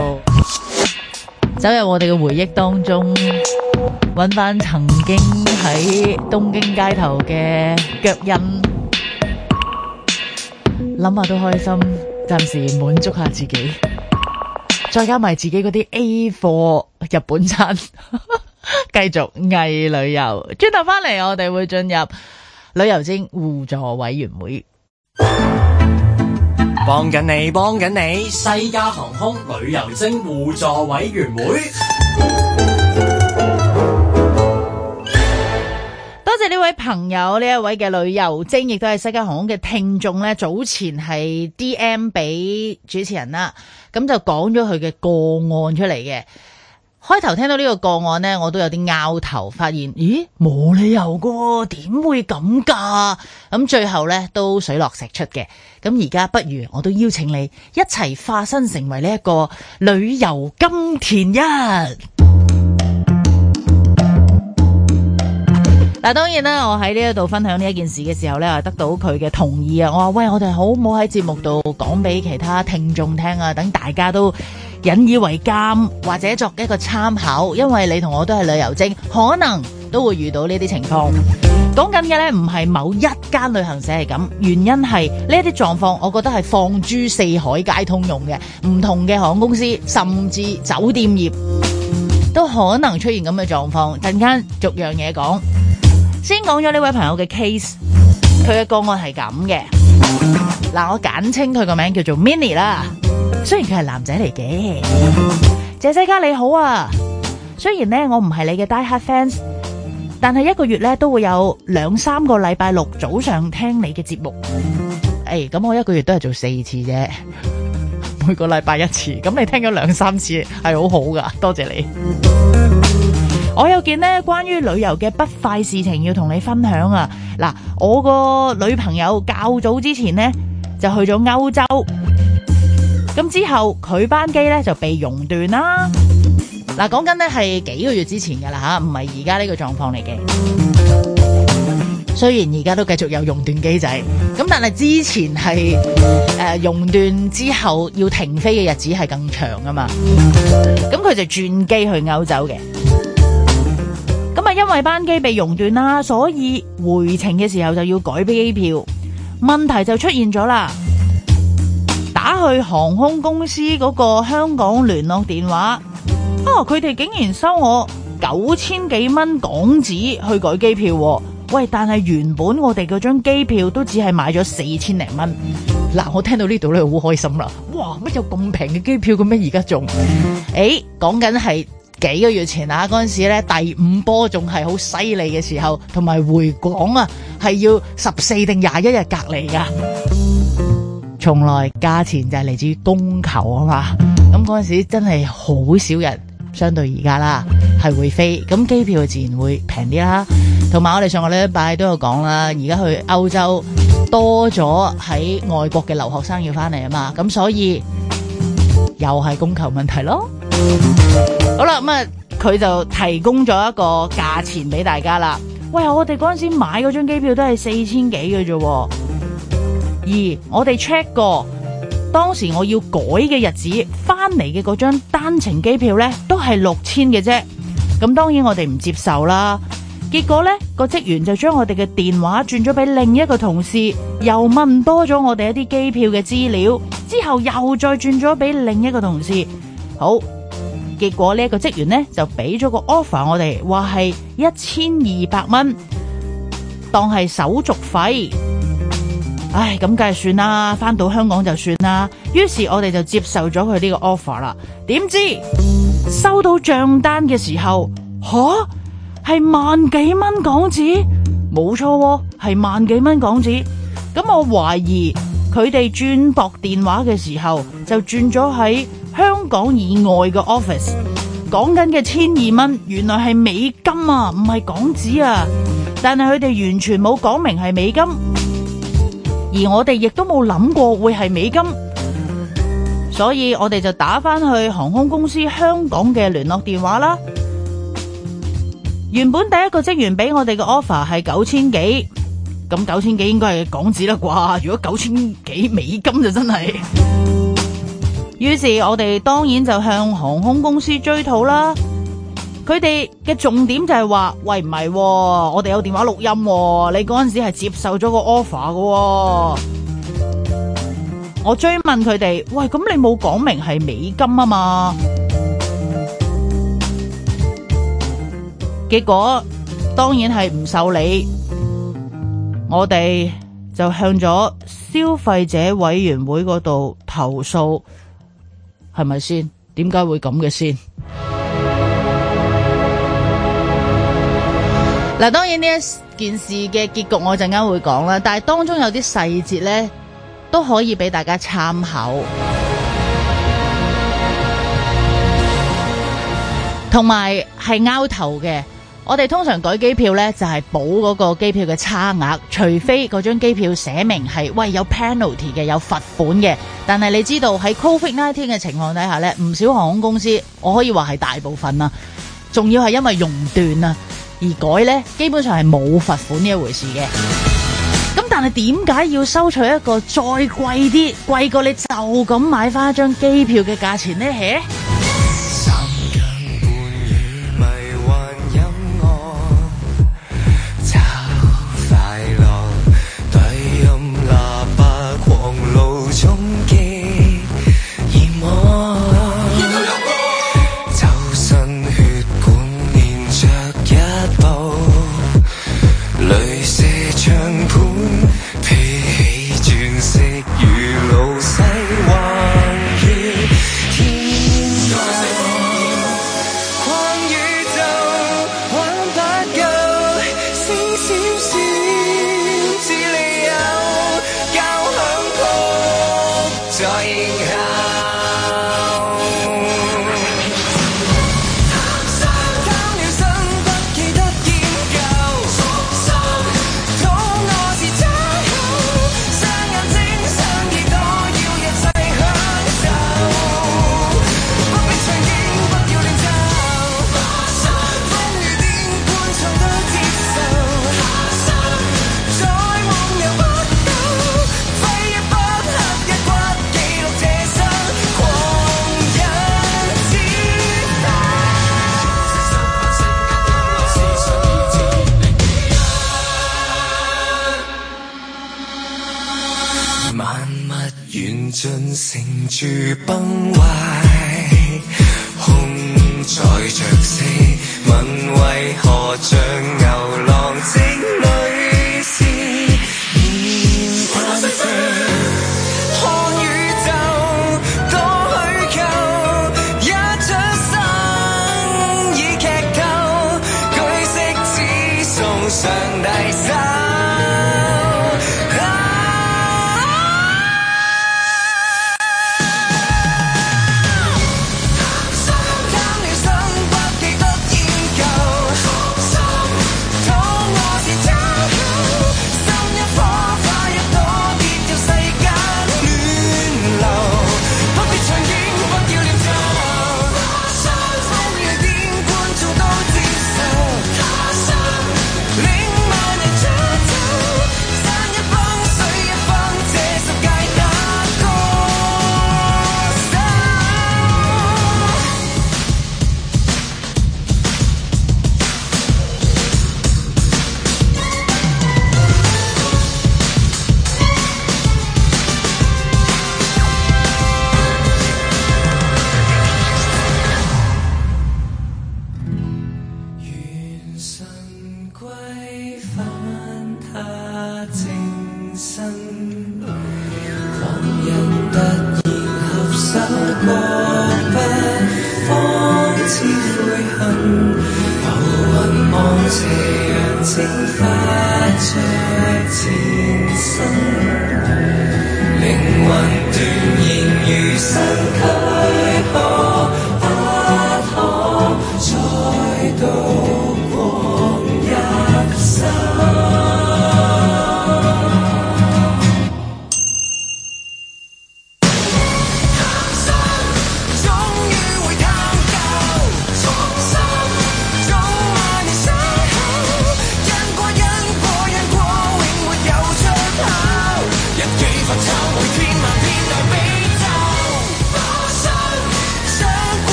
A: 走入我哋嘅回憶當中，揾翻曾經喺東京街頭嘅腳印，諗下都開心，暫時滿足下自己，再加埋自己嗰啲 A 貨日本餐，繼續偽旅遊。轉頭翻嚟，我哋會進入旅遊精互助委員會。幫緊你，幫緊你！
C: 西加航空旅遊精互助委員會，
A: 多謝呢位朋友，呢一位嘅旅遊精亦都係西加航空嘅聽眾呢，早前係 DM 俾主持人啦，咁就講咗佢嘅個案出嚟嘅。開頭聽到呢個個案呢，我都有啲拗頭，發現咦，冇理由噶，點會咁噶？咁最後呢，都水落石出嘅。咁而家不如我都邀請你一齊化身成為呢一個旅遊金田一。嗱，當然啦，我喺呢一度分享呢一件事嘅時候咧，得到佢嘅同意啊！我話喂，我哋好唔好喺節目度講俾其他聽眾聽啊？等大家都引以為鑒或者作一個參考，因為你同我都係旅遊精，可能都會遇到呢啲情況。講緊嘅呢，唔係某一間旅行社係咁，原因係呢啲狀況，我覺得係放諸四海皆通用嘅，唔同嘅航空公司甚至酒店業都可能出現咁嘅狀況。陣間逐樣嘢講。先講咗呢位朋友嘅 case，佢嘅個案係咁嘅。嗱，我簡稱佢個名叫做 Minnie 啦，雖然佢係男仔嚟嘅。謝茜嘉，你好啊，雖然咧我唔係你嘅 die hard fans，但係一個月咧都會有兩三個禮拜六早上聽你嘅節目。誒、哎，咁我一個月都係做四次啫，每個禮拜一次。咁你聽咗兩三次係好好噶，多謝你。我有件呢關於旅遊嘅不快事情要同你分享啊！嗱，我個女朋友較早之前呢，就去咗歐洲，咁之後佢班機呢就被熔斷啦。嗱，講緊呢係幾個月之前噶啦吓，唔係而家呢個狀況嚟嘅。雖然而家都繼續有熔斷機制，咁但係之前係誒、呃、熔斷之後要停飛嘅日子係更長噶嘛，咁佢就轉機去歐洲嘅。因為班機被熔斷啦，所以回程嘅時候就要改飛機票，問題就出現咗啦。打去航空公司嗰個香港聯絡電話，啊、哦，佢哋竟然收我九千幾蚊港紙去改機票。喂，但係原本我哋嗰張機票都只係買咗四千零蚊。嗱，我聽到呢度咧好開心啦。哇，乜有咁平嘅機票咁咩？而家仲誒，講緊係。幾個月前啊，嗰陣時咧第五波仲係好犀利嘅時候，同埋回港啊係要十四定廿一日隔離噶。從來價錢就係嚟自於供求啊嘛，咁嗰陣時真係好少人，相對而家啦係會飛，咁機票自然會平啲啦。同埋我哋上個禮拜都有講啦，而家去歐洲多咗喺外國嘅留學生要翻嚟啊嘛，咁所以又係供求問題咯。好啦，咁啊，佢就提供咗一個價錢俾大家啦。喂，我哋嗰陣時買嗰張機票都係四千幾嘅啫，而我哋 check 過，當時我要改嘅日子，翻嚟嘅嗰張單程機票咧，都係六千嘅啫。咁當然我哋唔接受啦。結果咧，個職員就將我哋嘅電話轉咗俾另一個同事，又問多咗我哋一啲機票嘅資料，之後又再轉咗俾另一個同事。好。結果呢個職員呢就俾咗個 offer 我哋，話係一千二百蚊當係手續費。唉，咁梗係算啦，翻到香港就算啦。於是我哋就接受咗佢呢個 offer 啦。點知收到賬單嘅時候，吓係萬幾蚊港紙，冇錯喎，係萬幾蚊港紙。咁我懷疑佢哋轉駁電話嘅時候就轉咗喺。香港以外嘅 office，講緊嘅千二蚊，原來係美金啊，唔係港紙啊。但係佢哋完全冇講明係美金，而我哋亦都冇諗過會係美金，所以我哋就打翻去航空公司香港嘅聯絡電話啦。原本第一個職員俾我哋嘅 offer 係九千幾，咁九千幾應該係港紙啦啩？如果九千幾美金就真係。於是，我哋當然就向航空公司追討啦。佢哋嘅重點就係話：「喂，唔係喎，我哋有電話錄音喎，你嗰陣時係接受咗個 offer 嘅喎。我追問佢哋：「喂，咁你冇講明係美金啊嘛？結果當然係唔受理。我哋就向咗消費者委員會嗰度投訴。係咪先？點解會咁嘅先？嗱，當然呢一件事嘅結局我陣間會講啦，但係當中有啲細節咧都可以俾大家參考，同埋係拗頭嘅。我哋通常改機票呢，就係補嗰個機票嘅差額，除非嗰張機票寫明係喂，有 penalty 嘅有罰款嘅。但係你知道喺 Covid nineteen 嘅情況底下呢，唔少航空公司，我可以話係大部分啦，仲要係因為熔斷啊而改呢，基本上係冇罰款呢一回事嘅。咁但係點解要收取一個再貴啲，貴過你就咁買翻一張機票嘅價錢呢？嘿！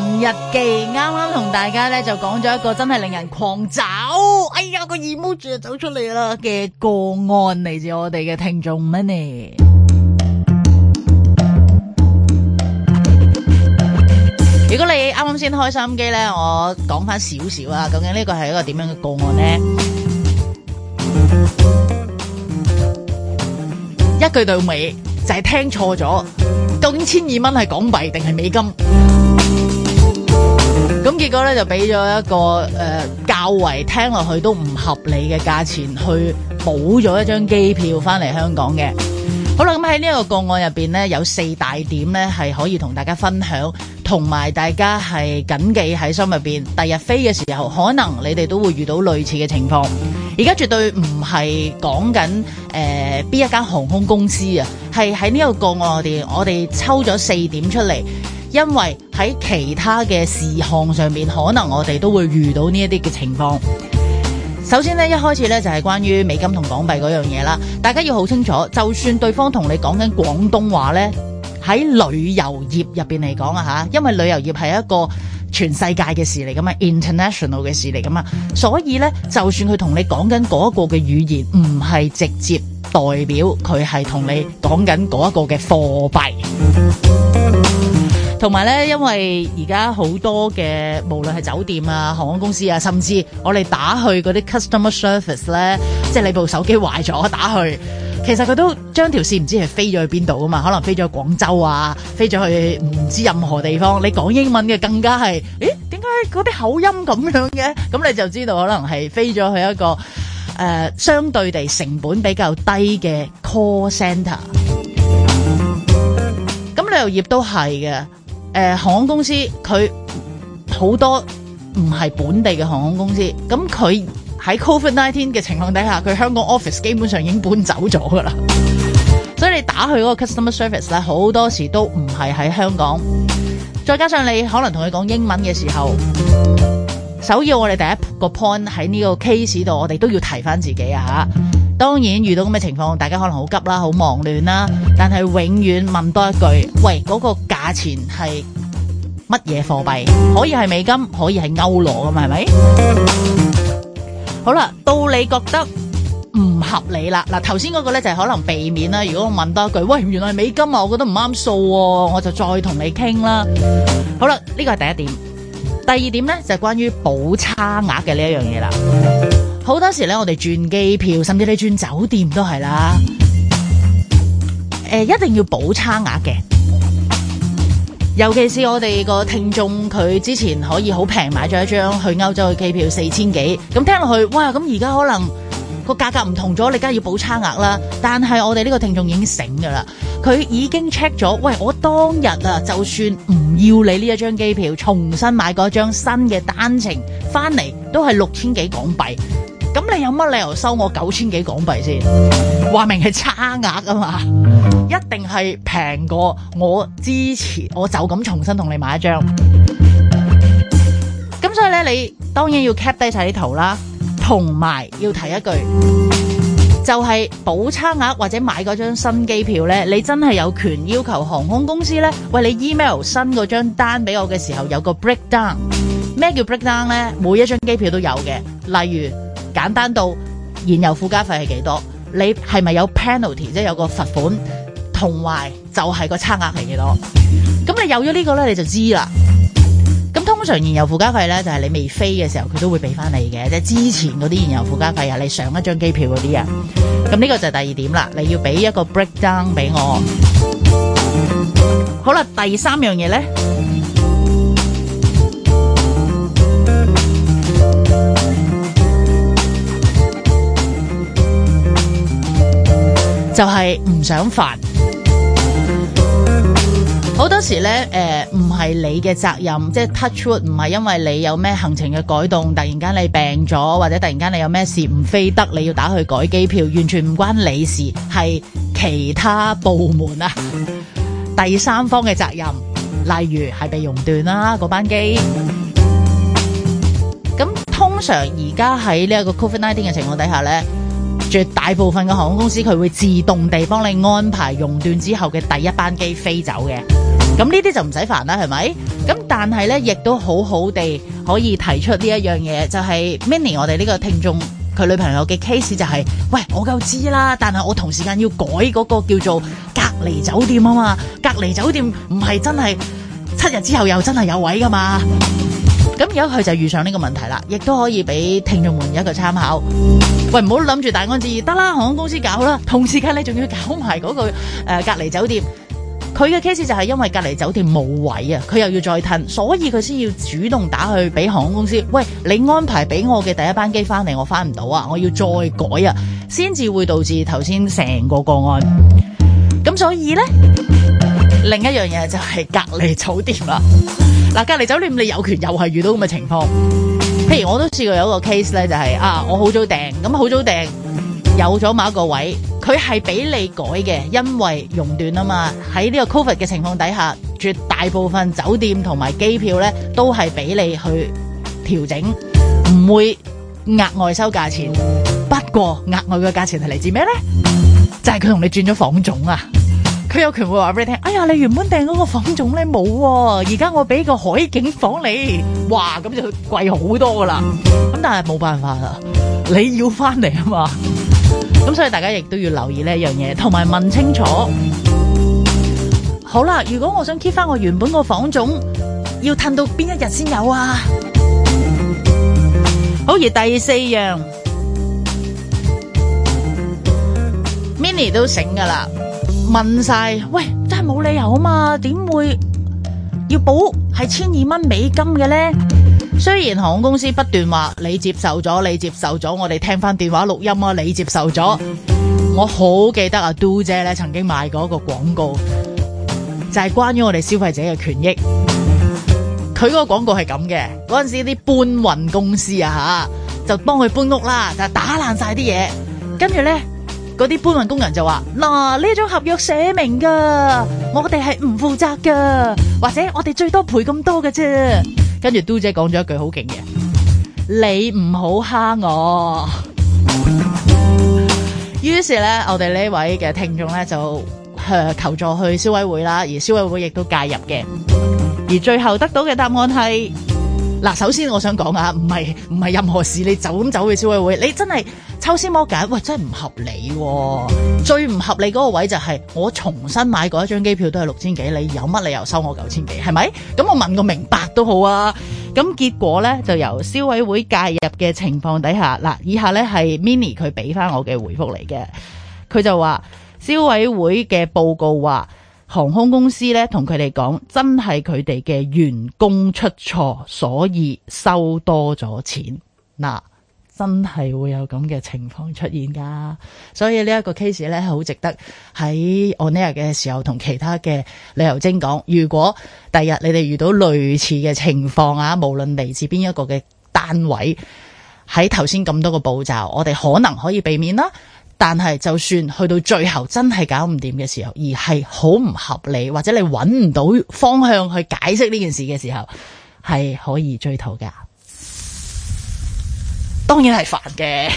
A: 明日記啱啱同大家咧，就講咗一個真係令人狂走，哎呀個 emoji 就走出嚟啦嘅。個案嚟自我哋嘅聽眾 Many。 如果你啱啱先開心機咧，我講翻少少啊，究竟呢個係一個點樣嘅個案呢？ 一句到尾就係、是、聽錯咗，究竟千二蚊係港幣定係美金？咁結果咧就俾咗一個誒、呃、較為聽落去都唔合理嘅價錢去補咗一張機票翻嚟香港嘅。好啦，咁喺呢個個個案入面呢，有四大點呢，係可以同大家分享，同埋大家係緊記喺心入面。第日飛嘅時候，可能你哋都會遇到類似嘅情況。而家絕對唔係講緊誒邊一間航空公司啊，係喺呢個個案我哋我哋抽咗四點出嚟。因為喺其他嘅事項上面，可能我哋都會遇到呢一啲嘅情況。首先呢，一開始呢，就係關於美金同港幣嗰樣嘢啦。大家要好清楚，就算對方同你講緊廣東話呢，喺旅遊業入邊嚟講啊吓，因為旅遊業係一個全世界嘅事嚟噶嘛，international 嘅事嚟噶嘛，所以呢，就算佢同你講緊嗰一個嘅語言，唔係直接代表佢係同你講緊嗰一個嘅貨幣。同埋咧，因為而家好多嘅，無論係酒店啊、航空公司啊，甚至我哋打去嗰啲 customer service 咧，即係你部手機壞咗打去，其實佢都將條線唔知係飛咗去邊度啊嘛，可能飛咗去廣州啊，飛咗去唔知任何地方。你講英文嘅更加係，咦，點解嗰啲口音咁樣嘅？咁你就知道可能係飛咗去一個誒、呃、相對地成本比較低嘅 call center。咁旅遊業都係嘅。誒、呃，航空公司佢好多唔係本地嘅航空公司，咁佢喺 COVID nineteen 嘅情況底下，佢香港 office 基本上已經搬走咗噶啦，所以你打去嗰個 customer service 咧，好多時都唔係喺香港。再加上你可能同佢講英文嘅時候，首要我哋第一個 point 喺呢個 case 度，我哋都要提翻自己啊吓。當然遇到咁嘅情況，大家可能好急啦，好忙亂啦。但係永遠問多一句：喂，嗰個價錢係乜嘢貨幣？可以係美金，可以係歐羅㗎嘛？係咪？好啦，到你覺得唔合理啦。嗱，頭先嗰個咧就係可能避免啦。如果我問多一句：喂，原來美金啊，我覺得唔啱數，我就再同你傾啦。好啦，呢個係第一點。第二點咧就關於補差額嘅呢一樣嘢啦。好多時咧，我哋轉機票，甚至你轉酒店都係啦，欸，一定要補差額嘅。尤其是我哋個聽眾，佢之前可以好平買咗一張去歐洲嘅機票四千幾，咁聽落去哇，咁而家可能個價格唔同咗，你梗係要補差額啦。但係我哋呢個聽眾已經醒㗎啦，佢已經 check 咗。喂，我當日啊，就算唔要你呢一張機票，重新買嗰一張新嘅單程翻嚟，都係六千幾港幣。咁你有乜理由收我九千幾港幣先？話明係差額啊嘛，一定係平過我之前，我就咁重新同你買一張。咁所以咧，你當然要 cap 低晒啲圖啦，同埋要提一句，就係、是、補差額或者買嗰張新機票咧，你真係有權要求航空公司咧，喂，你 email 新嗰張單俾我嘅時候有個 breakdown。咩叫 breakdown 咧？每一張機票都有嘅，例如。簡單到燃油附加費係幾多？你係咪有 penalty 即係有個罰款？同埋就係個差額係幾多？咁你有咗呢個咧你就知啦。咁通常燃油附加費咧就係你未飛嘅時候佢都會俾翻你嘅，即係之前嗰啲燃油附加費啊，你上一張機票嗰啲啊。咁呢個就係第二點啦。你要俾一個 breakdown 俾我。好啦，第三樣嘢咧。就係、是、唔想煩，好多時咧，誒、呃，唔係你嘅責任，即係 touch wood，唔係因為你有咩行程嘅改動，突然間你病咗，或者突然間你有咩事，唔非得你要打去改機票，完全唔關你事，係其他部門啊，第三方嘅責任，例如係被熔斷啦、啊，個班機。咁通常而家喺呢一個 COVID-19 嘅情況底下咧。絕大部分嘅航空公司佢會自動地幫你安排熔斷之後嘅第一班機飛走嘅，咁呢啲就唔使煩啦，係咪？咁但係呢，亦都好好地可以提出呢一樣嘢，就係、是、Minnie 我哋呢個聽眾佢女朋友嘅 case 就係、是，喂，我夠知啦，但係我同時間要改嗰個叫做隔離酒店啊嘛，隔離酒店唔係真係七日之後又真係有位噶嘛。咁而家佢就遇上呢個問題啦，亦都可以俾聽眾們一個參考。喂，唔好諗住大安旨意啦，航空公司搞啦，同時間你仲要搞埋、那、嗰個誒、呃、隔離酒店，佢嘅 case 就係因為隔離酒店冇位啊，佢又要再褪，所以佢先要主動打去俾航空公司。喂，你安排俾我嘅第一班機翻嚟，我翻唔到啊，我要再改啊，先至會導致頭先成個個案。咁所以呢，另一樣嘢就係隔離酒店啦。隔籬酒店你有權又係遇到咁嘅情況，譬如我都試過有一個 case 咧、就是，就係啊，我好早訂咁好早訂，有咗某一個位，佢係俾你改嘅，因為熔斷啊嘛。喺呢個 Covid 嘅情況底下，絕大部分酒店同埋機票咧都係俾你去調整，唔會額外收價錢，不過額外嘅價錢係嚟自咩咧？就係佢同你轉咗房種啊！佢有權會話俾你聽。哎呀，你原本訂嗰個房種咧冇，而家，啊、我俾個海景房你。哇，咁就貴好多噶啦。咁但係冇辦法啦，你要翻嚟啊嘛。咁 所以大家亦都要留意呢一樣嘢，同埋問清楚。好啦，如果我想 keep 翻我原本個房種，要褪到邊一日先有啊？好，而第四樣 ，Minnie 都醒噶啦。問晒，喂，真係冇理由啊嘛，點會要補係千二蚊美金嘅咧？雖然航空公司不斷話你接受咗，你接受咗，我哋聽翻電話錄音啊，你接受咗。我好記得啊，Do 姐咧曾經賣過一個廣告，就係、是、關於我哋消費者嘅權益。佢嗰個廣告係咁嘅，嗰陣時啲搬運公司啊吓，就幫佢搬屋啦，就打爛晒啲嘢，跟住咧。嗰啲搬運工人就話：嗱、啊，呢種合約寫明噶，我哋係唔負責噶，或者我哋最多賠咁多嘅啫。跟住嘟姐講咗一句好勁嘅：你唔好蝦我。於 是咧，我哋呢位嘅聽眾咧就誒求助去消委會啦，而消委會亦都介入嘅。而最後得到嘅答案係。嗱，首先我想講啊，唔係唔係任何事，你走咁走去消委會，你真係抽絲剝繭，喂，真係唔合理啊。最唔合理嗰個位就係，我重新買過一張機票都係六千幾，你有乜理由收我九千幾？係咪？咁我問個明白都好啊。咁結果呢，就由消委會介入嘅情況底下，嗱，以下呢係 mini 佢俾翻我嘅回覆嚟嘅，佢就話消委會嘅報告話。航空公司呢，同佢哋講，真係佢哋嘅員工出錯，所以收多咗錢。嗱，真係會有咁嘅情況出現噶、啊。所以呢一個 case 呢，好值得喺 on air 嘅時候同其他嘅旅遊精講。如果第日你哋遇到類似嘅情況啊，無論嚟自邊一個嘅單位，喺頭先咁多個步驟，我哋可能可以避免啦。但係，就算去到最後真係搞唔掂嘅時候，而係好唔合理，或者你揾唔到方向去解釋呢件事嘅時候，係可以追討噶。當然係煩嘅。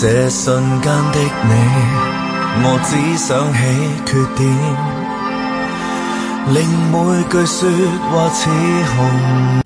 C: 這瞬間的你，我只想起缺點，令每句說話似紅。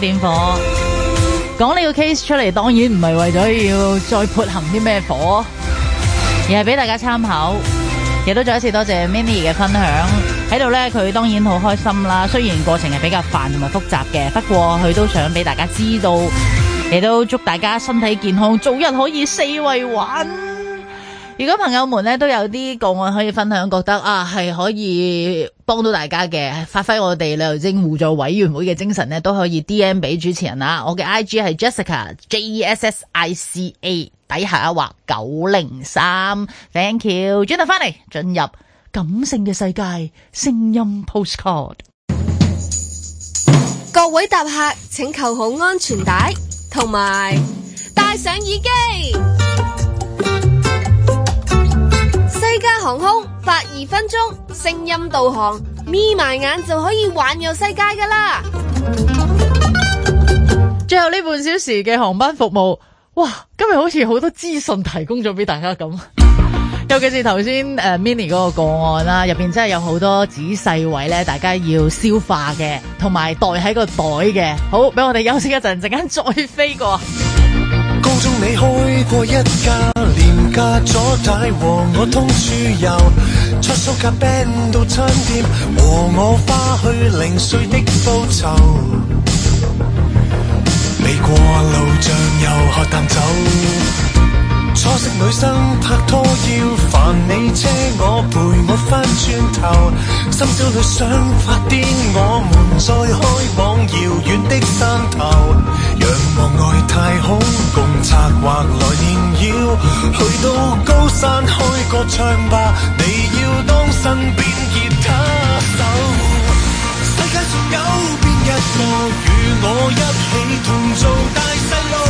A: 點火，講呢個 case 出嚟，當然唔係為咗要再潑行啲咩火，而係俾大家參考。亦都再一次多謝 Minnie 嘅分享喺度呢，佢當然好開心啦。雖然過程係比較煩同埋複雜嘅，不過佢都想俾大家知道。亦都祝大家身體健康，早日可以四圍玩。如果朋友們咧都有啲個案可以分享，覺得啊係可以幫到大家嘅，發揮我哋旅遊證互助委員會嘅精神咧，都可以 D M 俾主持人啦。我嘅 I G 係 Jessica J E S S I C A 底下一畫九零三，Thank you Gina。轉頭翻嚟進入感性嘅世界，聲音 Postcard。
F: 各位搭客，請扣好安全帶，同埋戴上耳機。航空發二分鐘，聲音導航，眯埋眼就可以環遊世界噶啦！
A: 最後呢半小時嘅航班服務，哇，今日好似好多資訊提供咗俾大家咁，尤其是頭先誒 Mini 嗰個個案啦，入邊真係有好多仔細位咧，大家要消化嘅，同埋袋喺個袋嘅，好，俾我哋休息一陣，陣間再飛過。高中你開過一家。
C: 嫁咗太和我通處遊，出手夾 band 到餐廳，和我花去零碎的報酬，未過路障又喝淡酒。初識女生拍拖，要煩你車我陪我返轉頭，深宵裏想發癲，我們再開往遙遠的山頭。仰望外太空，共策劃來年要去到高山開個唱吧，你要當身邊吉他手。世界上有邊一個與我一起同做大細路。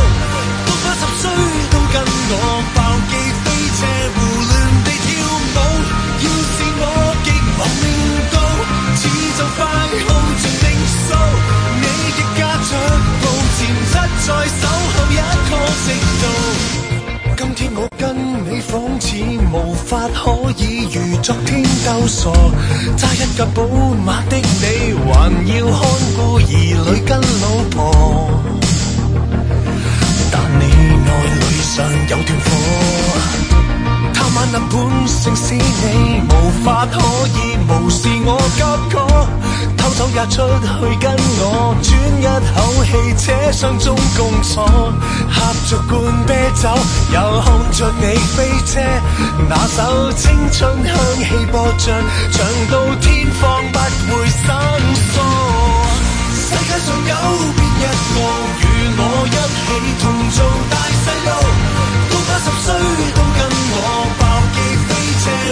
C: 再守候一個季度，今天我跟你仿似無法可以如昨天鬥傻，揸一架寶馬的你還要看顧兒女跟老婆，但你內裏尚有團火。萬能本性使你無法可以無視我急渴，偷走也出去跟我轉一口氣，車廂中共坐，喝着罐啤酒，又看着你飛車，那首青春香氣播著，唱到天荒不會生疏。世界上有邊一個與我一起同做大細路，到八十歲。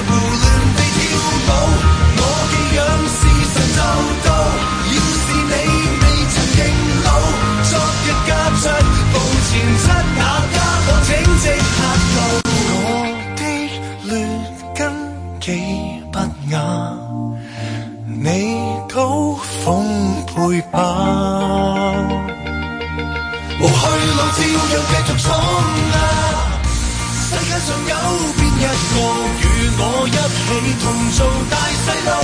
C: 胡亂地跳舞，我嘅樣是神就到。要是你未曾認老，昨日加無家着步前出那家伙，請即刻到。我的劣根幾不雅，你都奉陪吧。 一起同做大細路，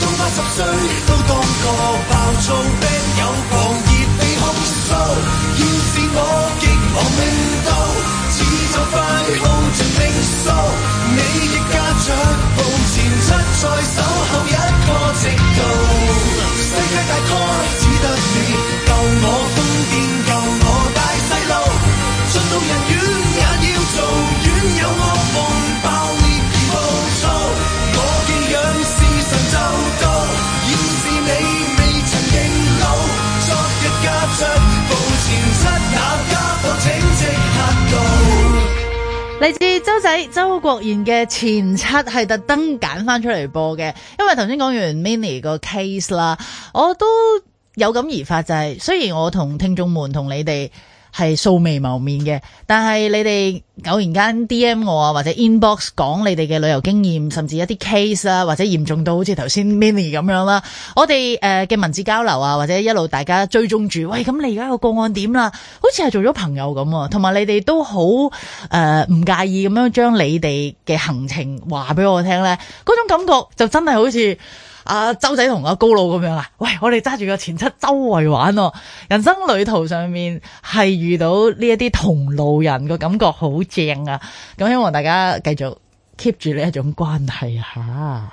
C: 到八十歲都當個爆粗兵， 有狂熱被控訴。要是我極忙命到，只就快耗盡命數。你亦家着步前出，在守候一個直道。 世界大概只得你救我瘋癲，救我大細路，進到人院也要做，遠有惡夢爆。就多，要是你未曾認到，昨日夾着步前七那家伙，
A: 請直行到。嚟自周仔周國賢嘅前七係特登揀翻出嚟播嘅，因為頭先講完 mini 個 case 啦，我都有感而發，就係、是、雖然我同聽眾們同你哋。係素未謀面嘅，但係你哋偶然間 DM 我啊，或者 inbox 講你哋嘅旅遊經驗，甚至一啲 case 啊，或者嚴重到好似頭先 Minnie 咁樣啦。我哋誒嘅文字交流啊，或者一路大家追蹤住，喂，咁你而家個個案點啦，好似係做咗朋友咁，同埋你哋都好誒唔介意咁樣將你哋嘅行程話俾我聽咧，嗰種感覺就真係好似。阿、啊、周仔同阿高佬咁樣啊，喂，我哋揸住個前七周圍玩喎、啊。人生旅途上面係遇到呢一啲同路人個感覺好正啊。咁希望大家繼續 keep 住呢一種關係哈。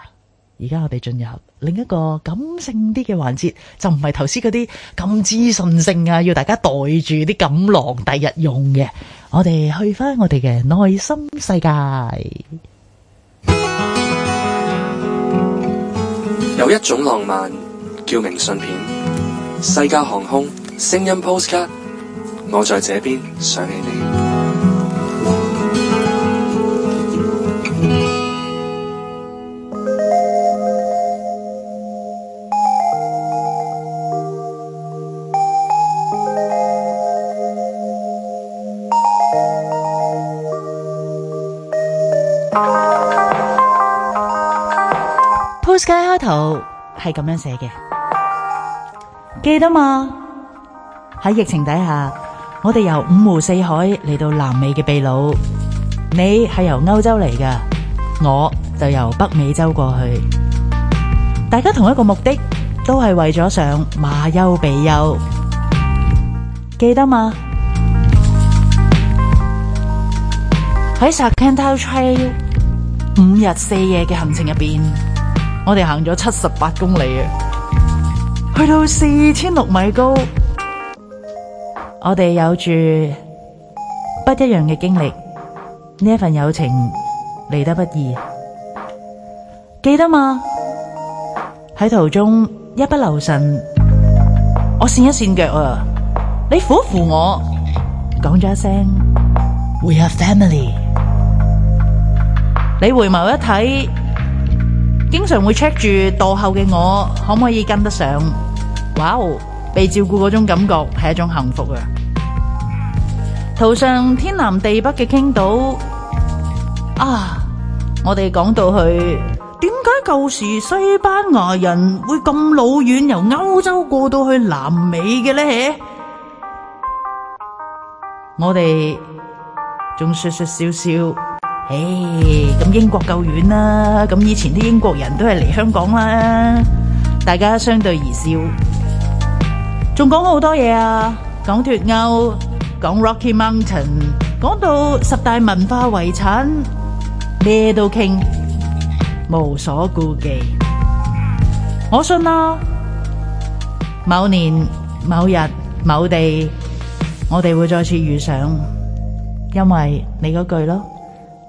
A: 而家我哋進入另一個感性啲嘅環節，就唔係頭先嗰啲咁資訊性啊，要大家袋住啲錦囊，第日用嘅。我哋去翻我哋嘅內心世界。
B: 有一種浪漫叫明信片，西加航空聲音 post 卡，我在這邊想起你。
A: 幅圖係咁樣寫嘅，記得嘛？喺疫情底下，我哋由五湖四海嚟到南美嘅秘魯，你係由歐洲嚟噶，我就由北美洲過去，大家同一個目的，都係為咗上馬丘比丘，記得嘛？喺 Salkantay Trail 五日四夜嘅行程入邊。我哋行咗七十八公里，去到四千六米高，我哋有住不一樣嘅經歷，呢一份友情嚟得不易，記得嘛？喺途中一不留神，我跣一跣腳啊！你扶一扶我，講咗一聲，We are family。你回眸一睇。經常會 check 住墮後嘅我，可唔可以跟得上？哇哦，被照顧嗰種感覺係一種幸福啊！圖上天南地北嘅傾倒啊，我哋講到去，點解舊時西班牙人會咁老遠由歐洲過到去南美嘅呢？我哋仲說說笑笑。誒，咁英國夠遠啦。咁以前啲英國人都係嚟香港啦，大家相對而笑。仲講好多嘢啊，講脫歐，講 Rocky Mountain，講到十大文化遺產，咩都傾，無所顧忌。我信啦，某年某日某地，我哋會再次遇上，因為你嗰句咯。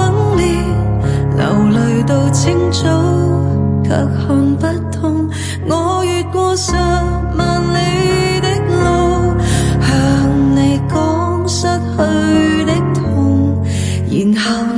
F: 冷冽，流淚到清早，卻看不通。我越過十萬里的路，向你講失去的痛，然 後。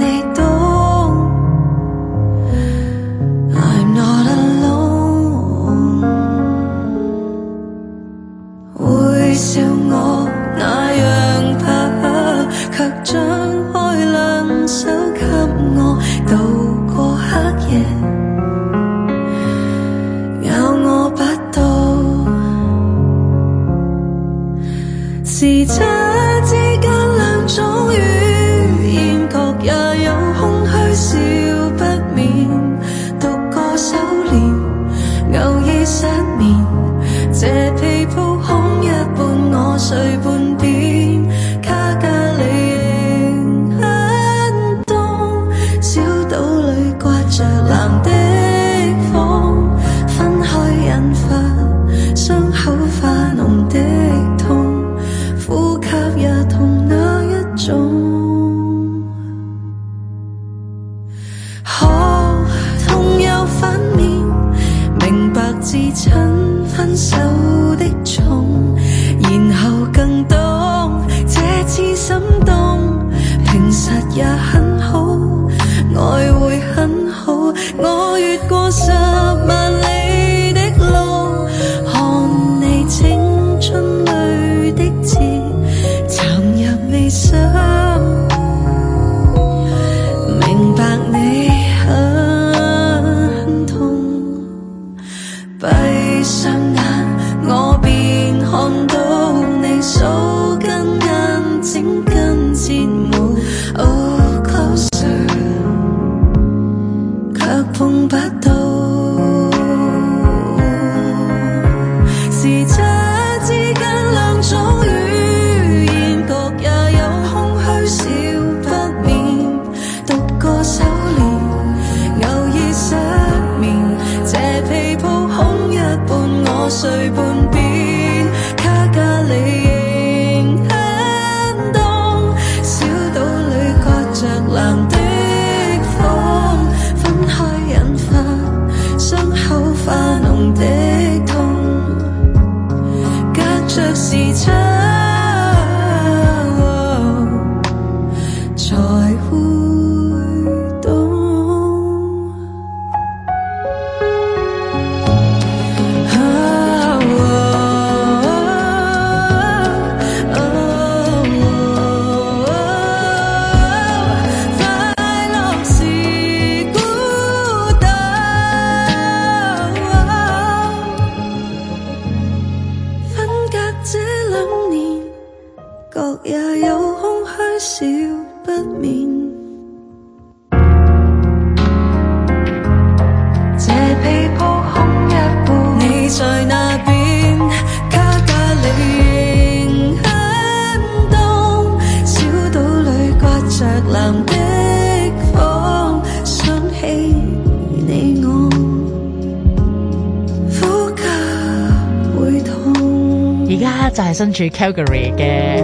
A: 住 Calgary 嘅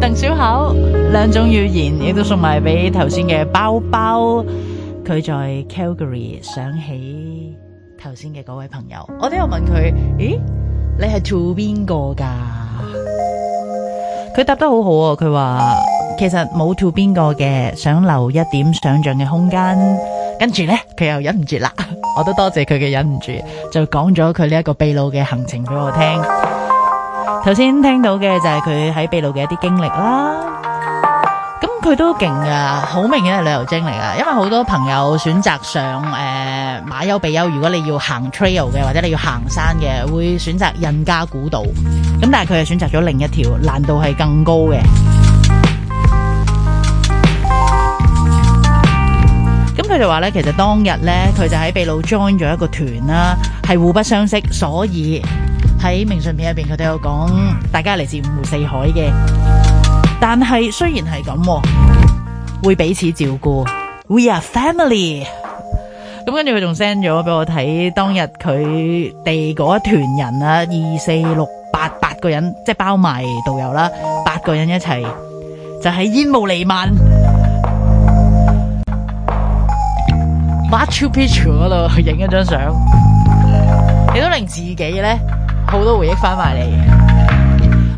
A: 鄧小巧兩種語言亦都送埋俾頭先嘅包包。佢在 Calgary 想起頭先嘅嗰位朋友，我都有問佢：咦，你係 to 邊個噶佢答得好好啊！佢話其實冇 to 邊個嘅，想留一點想象嘅空間。跟住咧，佢又忍唔住啦！我都多謝佢嘅忍唔住，就講咗佢呢一個秘魯嘅行程俾我聽。頭先聽到嘅就係佢喺秘魯嘅一啲經歷啦，咁佢都勁㗎，好明顯係旅遊精嚟啊！因為好多朋友選擇上誒、呃、馬丘比丘，如果你要行 trail 嘅或者你要行山嘅，會選擇印加古道。咁但係佢係選擇咗另一條，難度係更高嘅。咁佢就話咧，其實當日咧，佢就喺秘魯 join 咗一個團啦，係互不相識，所以。喺明信片入邊，佢哋有講大家嚟自五湖四海嘅，但係雖然係咁，會彼此照顧，we are family。咁跟住佢仲 send 咗俾我睇當日佢哋嗰團人啦，二四六八八個人，即係包埋導遊啦，八個人一齊就喺煙霧彌漫 ，Machu Picchu 嗰度去影一張相，你都令自己咧。好多回憶翻埋嚟，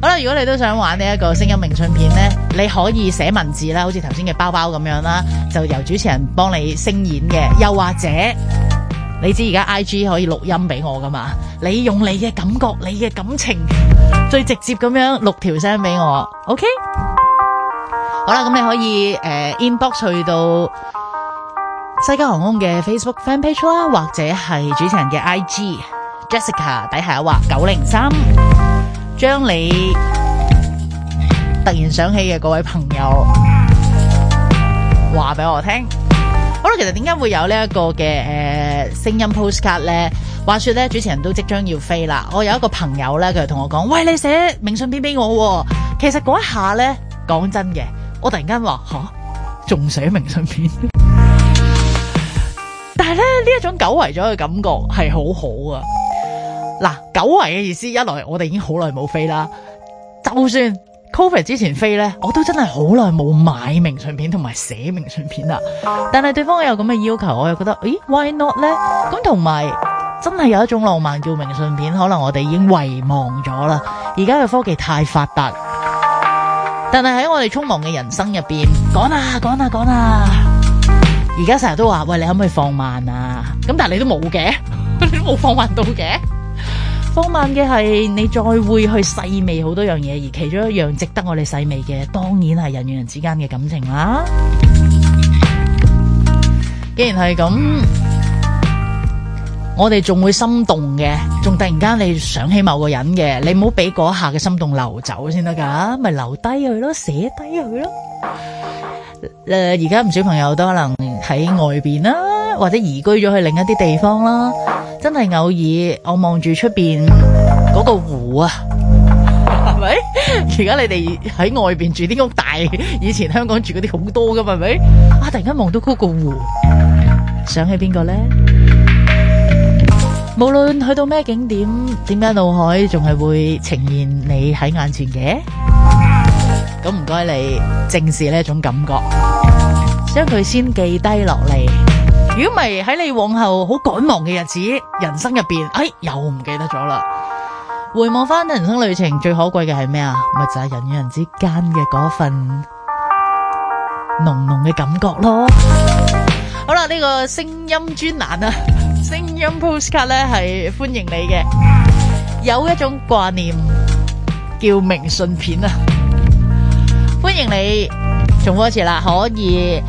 A: 好啦！如果你都想玩呢一個聲音明信片咧，你可以寫文字啦，好似頭先嘅包包咁樣啦，就由主持人幫你聲演嘅。又或者，你知而家 I G 可以錄音俾我噶嘛？你用你嘅感覺、你嘅感情，最直接咁樣錄條聲俾我。OK，好啦，咁你可以誒 inbox 去到西加航空嘅 Facebook fan page 啦，或者係主持人嘅 I G。Jessica 底下有話九零三，將你突然想起嘅嗰位朋友話俾我聽。好啦，其實點解會有這、呃、呢一個嘅誒聲音 postcard 咧？話說咧，主持人都即將要飛啦。我有一個朋友咧，佢就同我講，喂，你寫明信片俾我啊。其實嗰一下咧，講真嘅，我突然間話吓，仲寫明信片？ 但係咧，呢一種久違咗嘅感覺係好好啊！嗱，久違嘅意思，一來我哋已經好耐冇飛啦，就算 COVID 之前飛咧，我都真係好耐冇買明信片同埋寫明信片啦。但係對方有咁嘅要求，我又覺得，誒，why not 咧？咁同埋真係有一種浪漫叫明信片，可能我哋已經遺忘咗啦。而家嘅科技太發達，但係喺我哋匆忙嘅人生入邊，講啊講啊講啊！而家成日都話，喂，你可唔可以放慢啊？咁但係你都冇嘅，你都冇放慢到嘅。放慢嘅係你再會去細味好多樣嘢，而其中一樣值得我哋細味嘅，當然係人與人之間嘅感情啦。既然係咁，我哋仲會心動嘅，仲突然間你想起某個人嘅，你唔好俾嗰下嘅心動流走先得噶，咪留低佢咯，寫低佢咯。誒，而家唔少朋友都可能喺外邊啦。或者移居咗去另一啲地方啦，真係偶爾我望住出邊嗰個湖啊，係咪？而家你哋喺外邊住啲屋大，以前香港住嗰啲好多噶嘛，係咪？啊，突然間望到嗰個湖，想起邊個咧？無論去到咩景點，點解腦海仲係會呈現你喺眼前嘅？咁唔該你正視呢一種感覺，將佢先記低落嚟。如果唔係喺你往後好趕忙嘅日子，人生入邊，哎又唔記得咗啦。回望翻人生旅程，最可貴嘅係咩啊？咪就係、是、人與人之間嘅嗰份濃濃嘅感覺咯。 好啦，呢、這個聲音專欄啊，聲音 postcard 咧係歡迎你嘅。有一種掛念叫明信片啊，歡迎你重複一次啦，可以。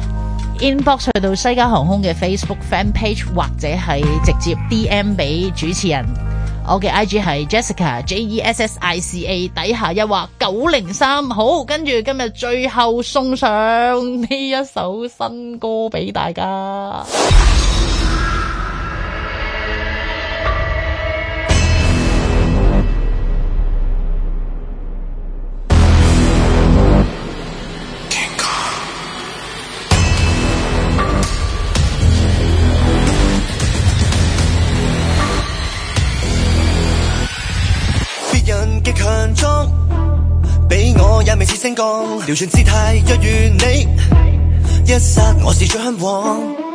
A: Inbox 去到西加航空嘅 Facebook fan page 或者係直接 DM 俾主持人，我嘅 IG 係 Jessica J E S S I C A，底下一畫九零三，好，跟住今日最後送上呢一首新歌俾大家。
C: 也未似升降，扭轉姿態，若如你，一剎，我是最向往。嗯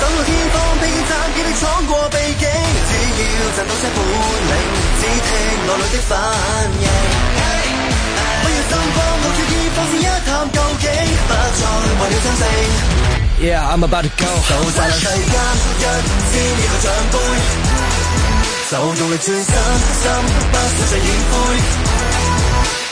C: 走到天荒披荊斬棘地闖過秘境，只要賺到些本領，只聽內裏的反應。不要心慌，我決意放肆一探究竟，不再為了爭勝。Yeah, I'm about to go、yeah。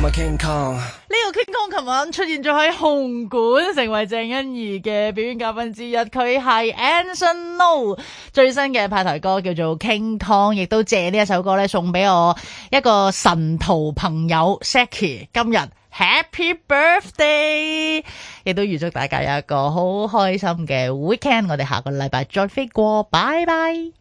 A: 呢個 King Kong 琴晚出現咗喺紅館，成為鄭欣宜嘅表演嘉賓之一。佢係 Anson Lo 最新嘅派台歌叫做 King Kong，亦都借呢一首歌咧送俾我一個神徒朋友 Saki。今日 Happy Birthday，亦都預祝大家有一個好開心嘅 Weekend。我哋下個禮拜再飛過，拜拜。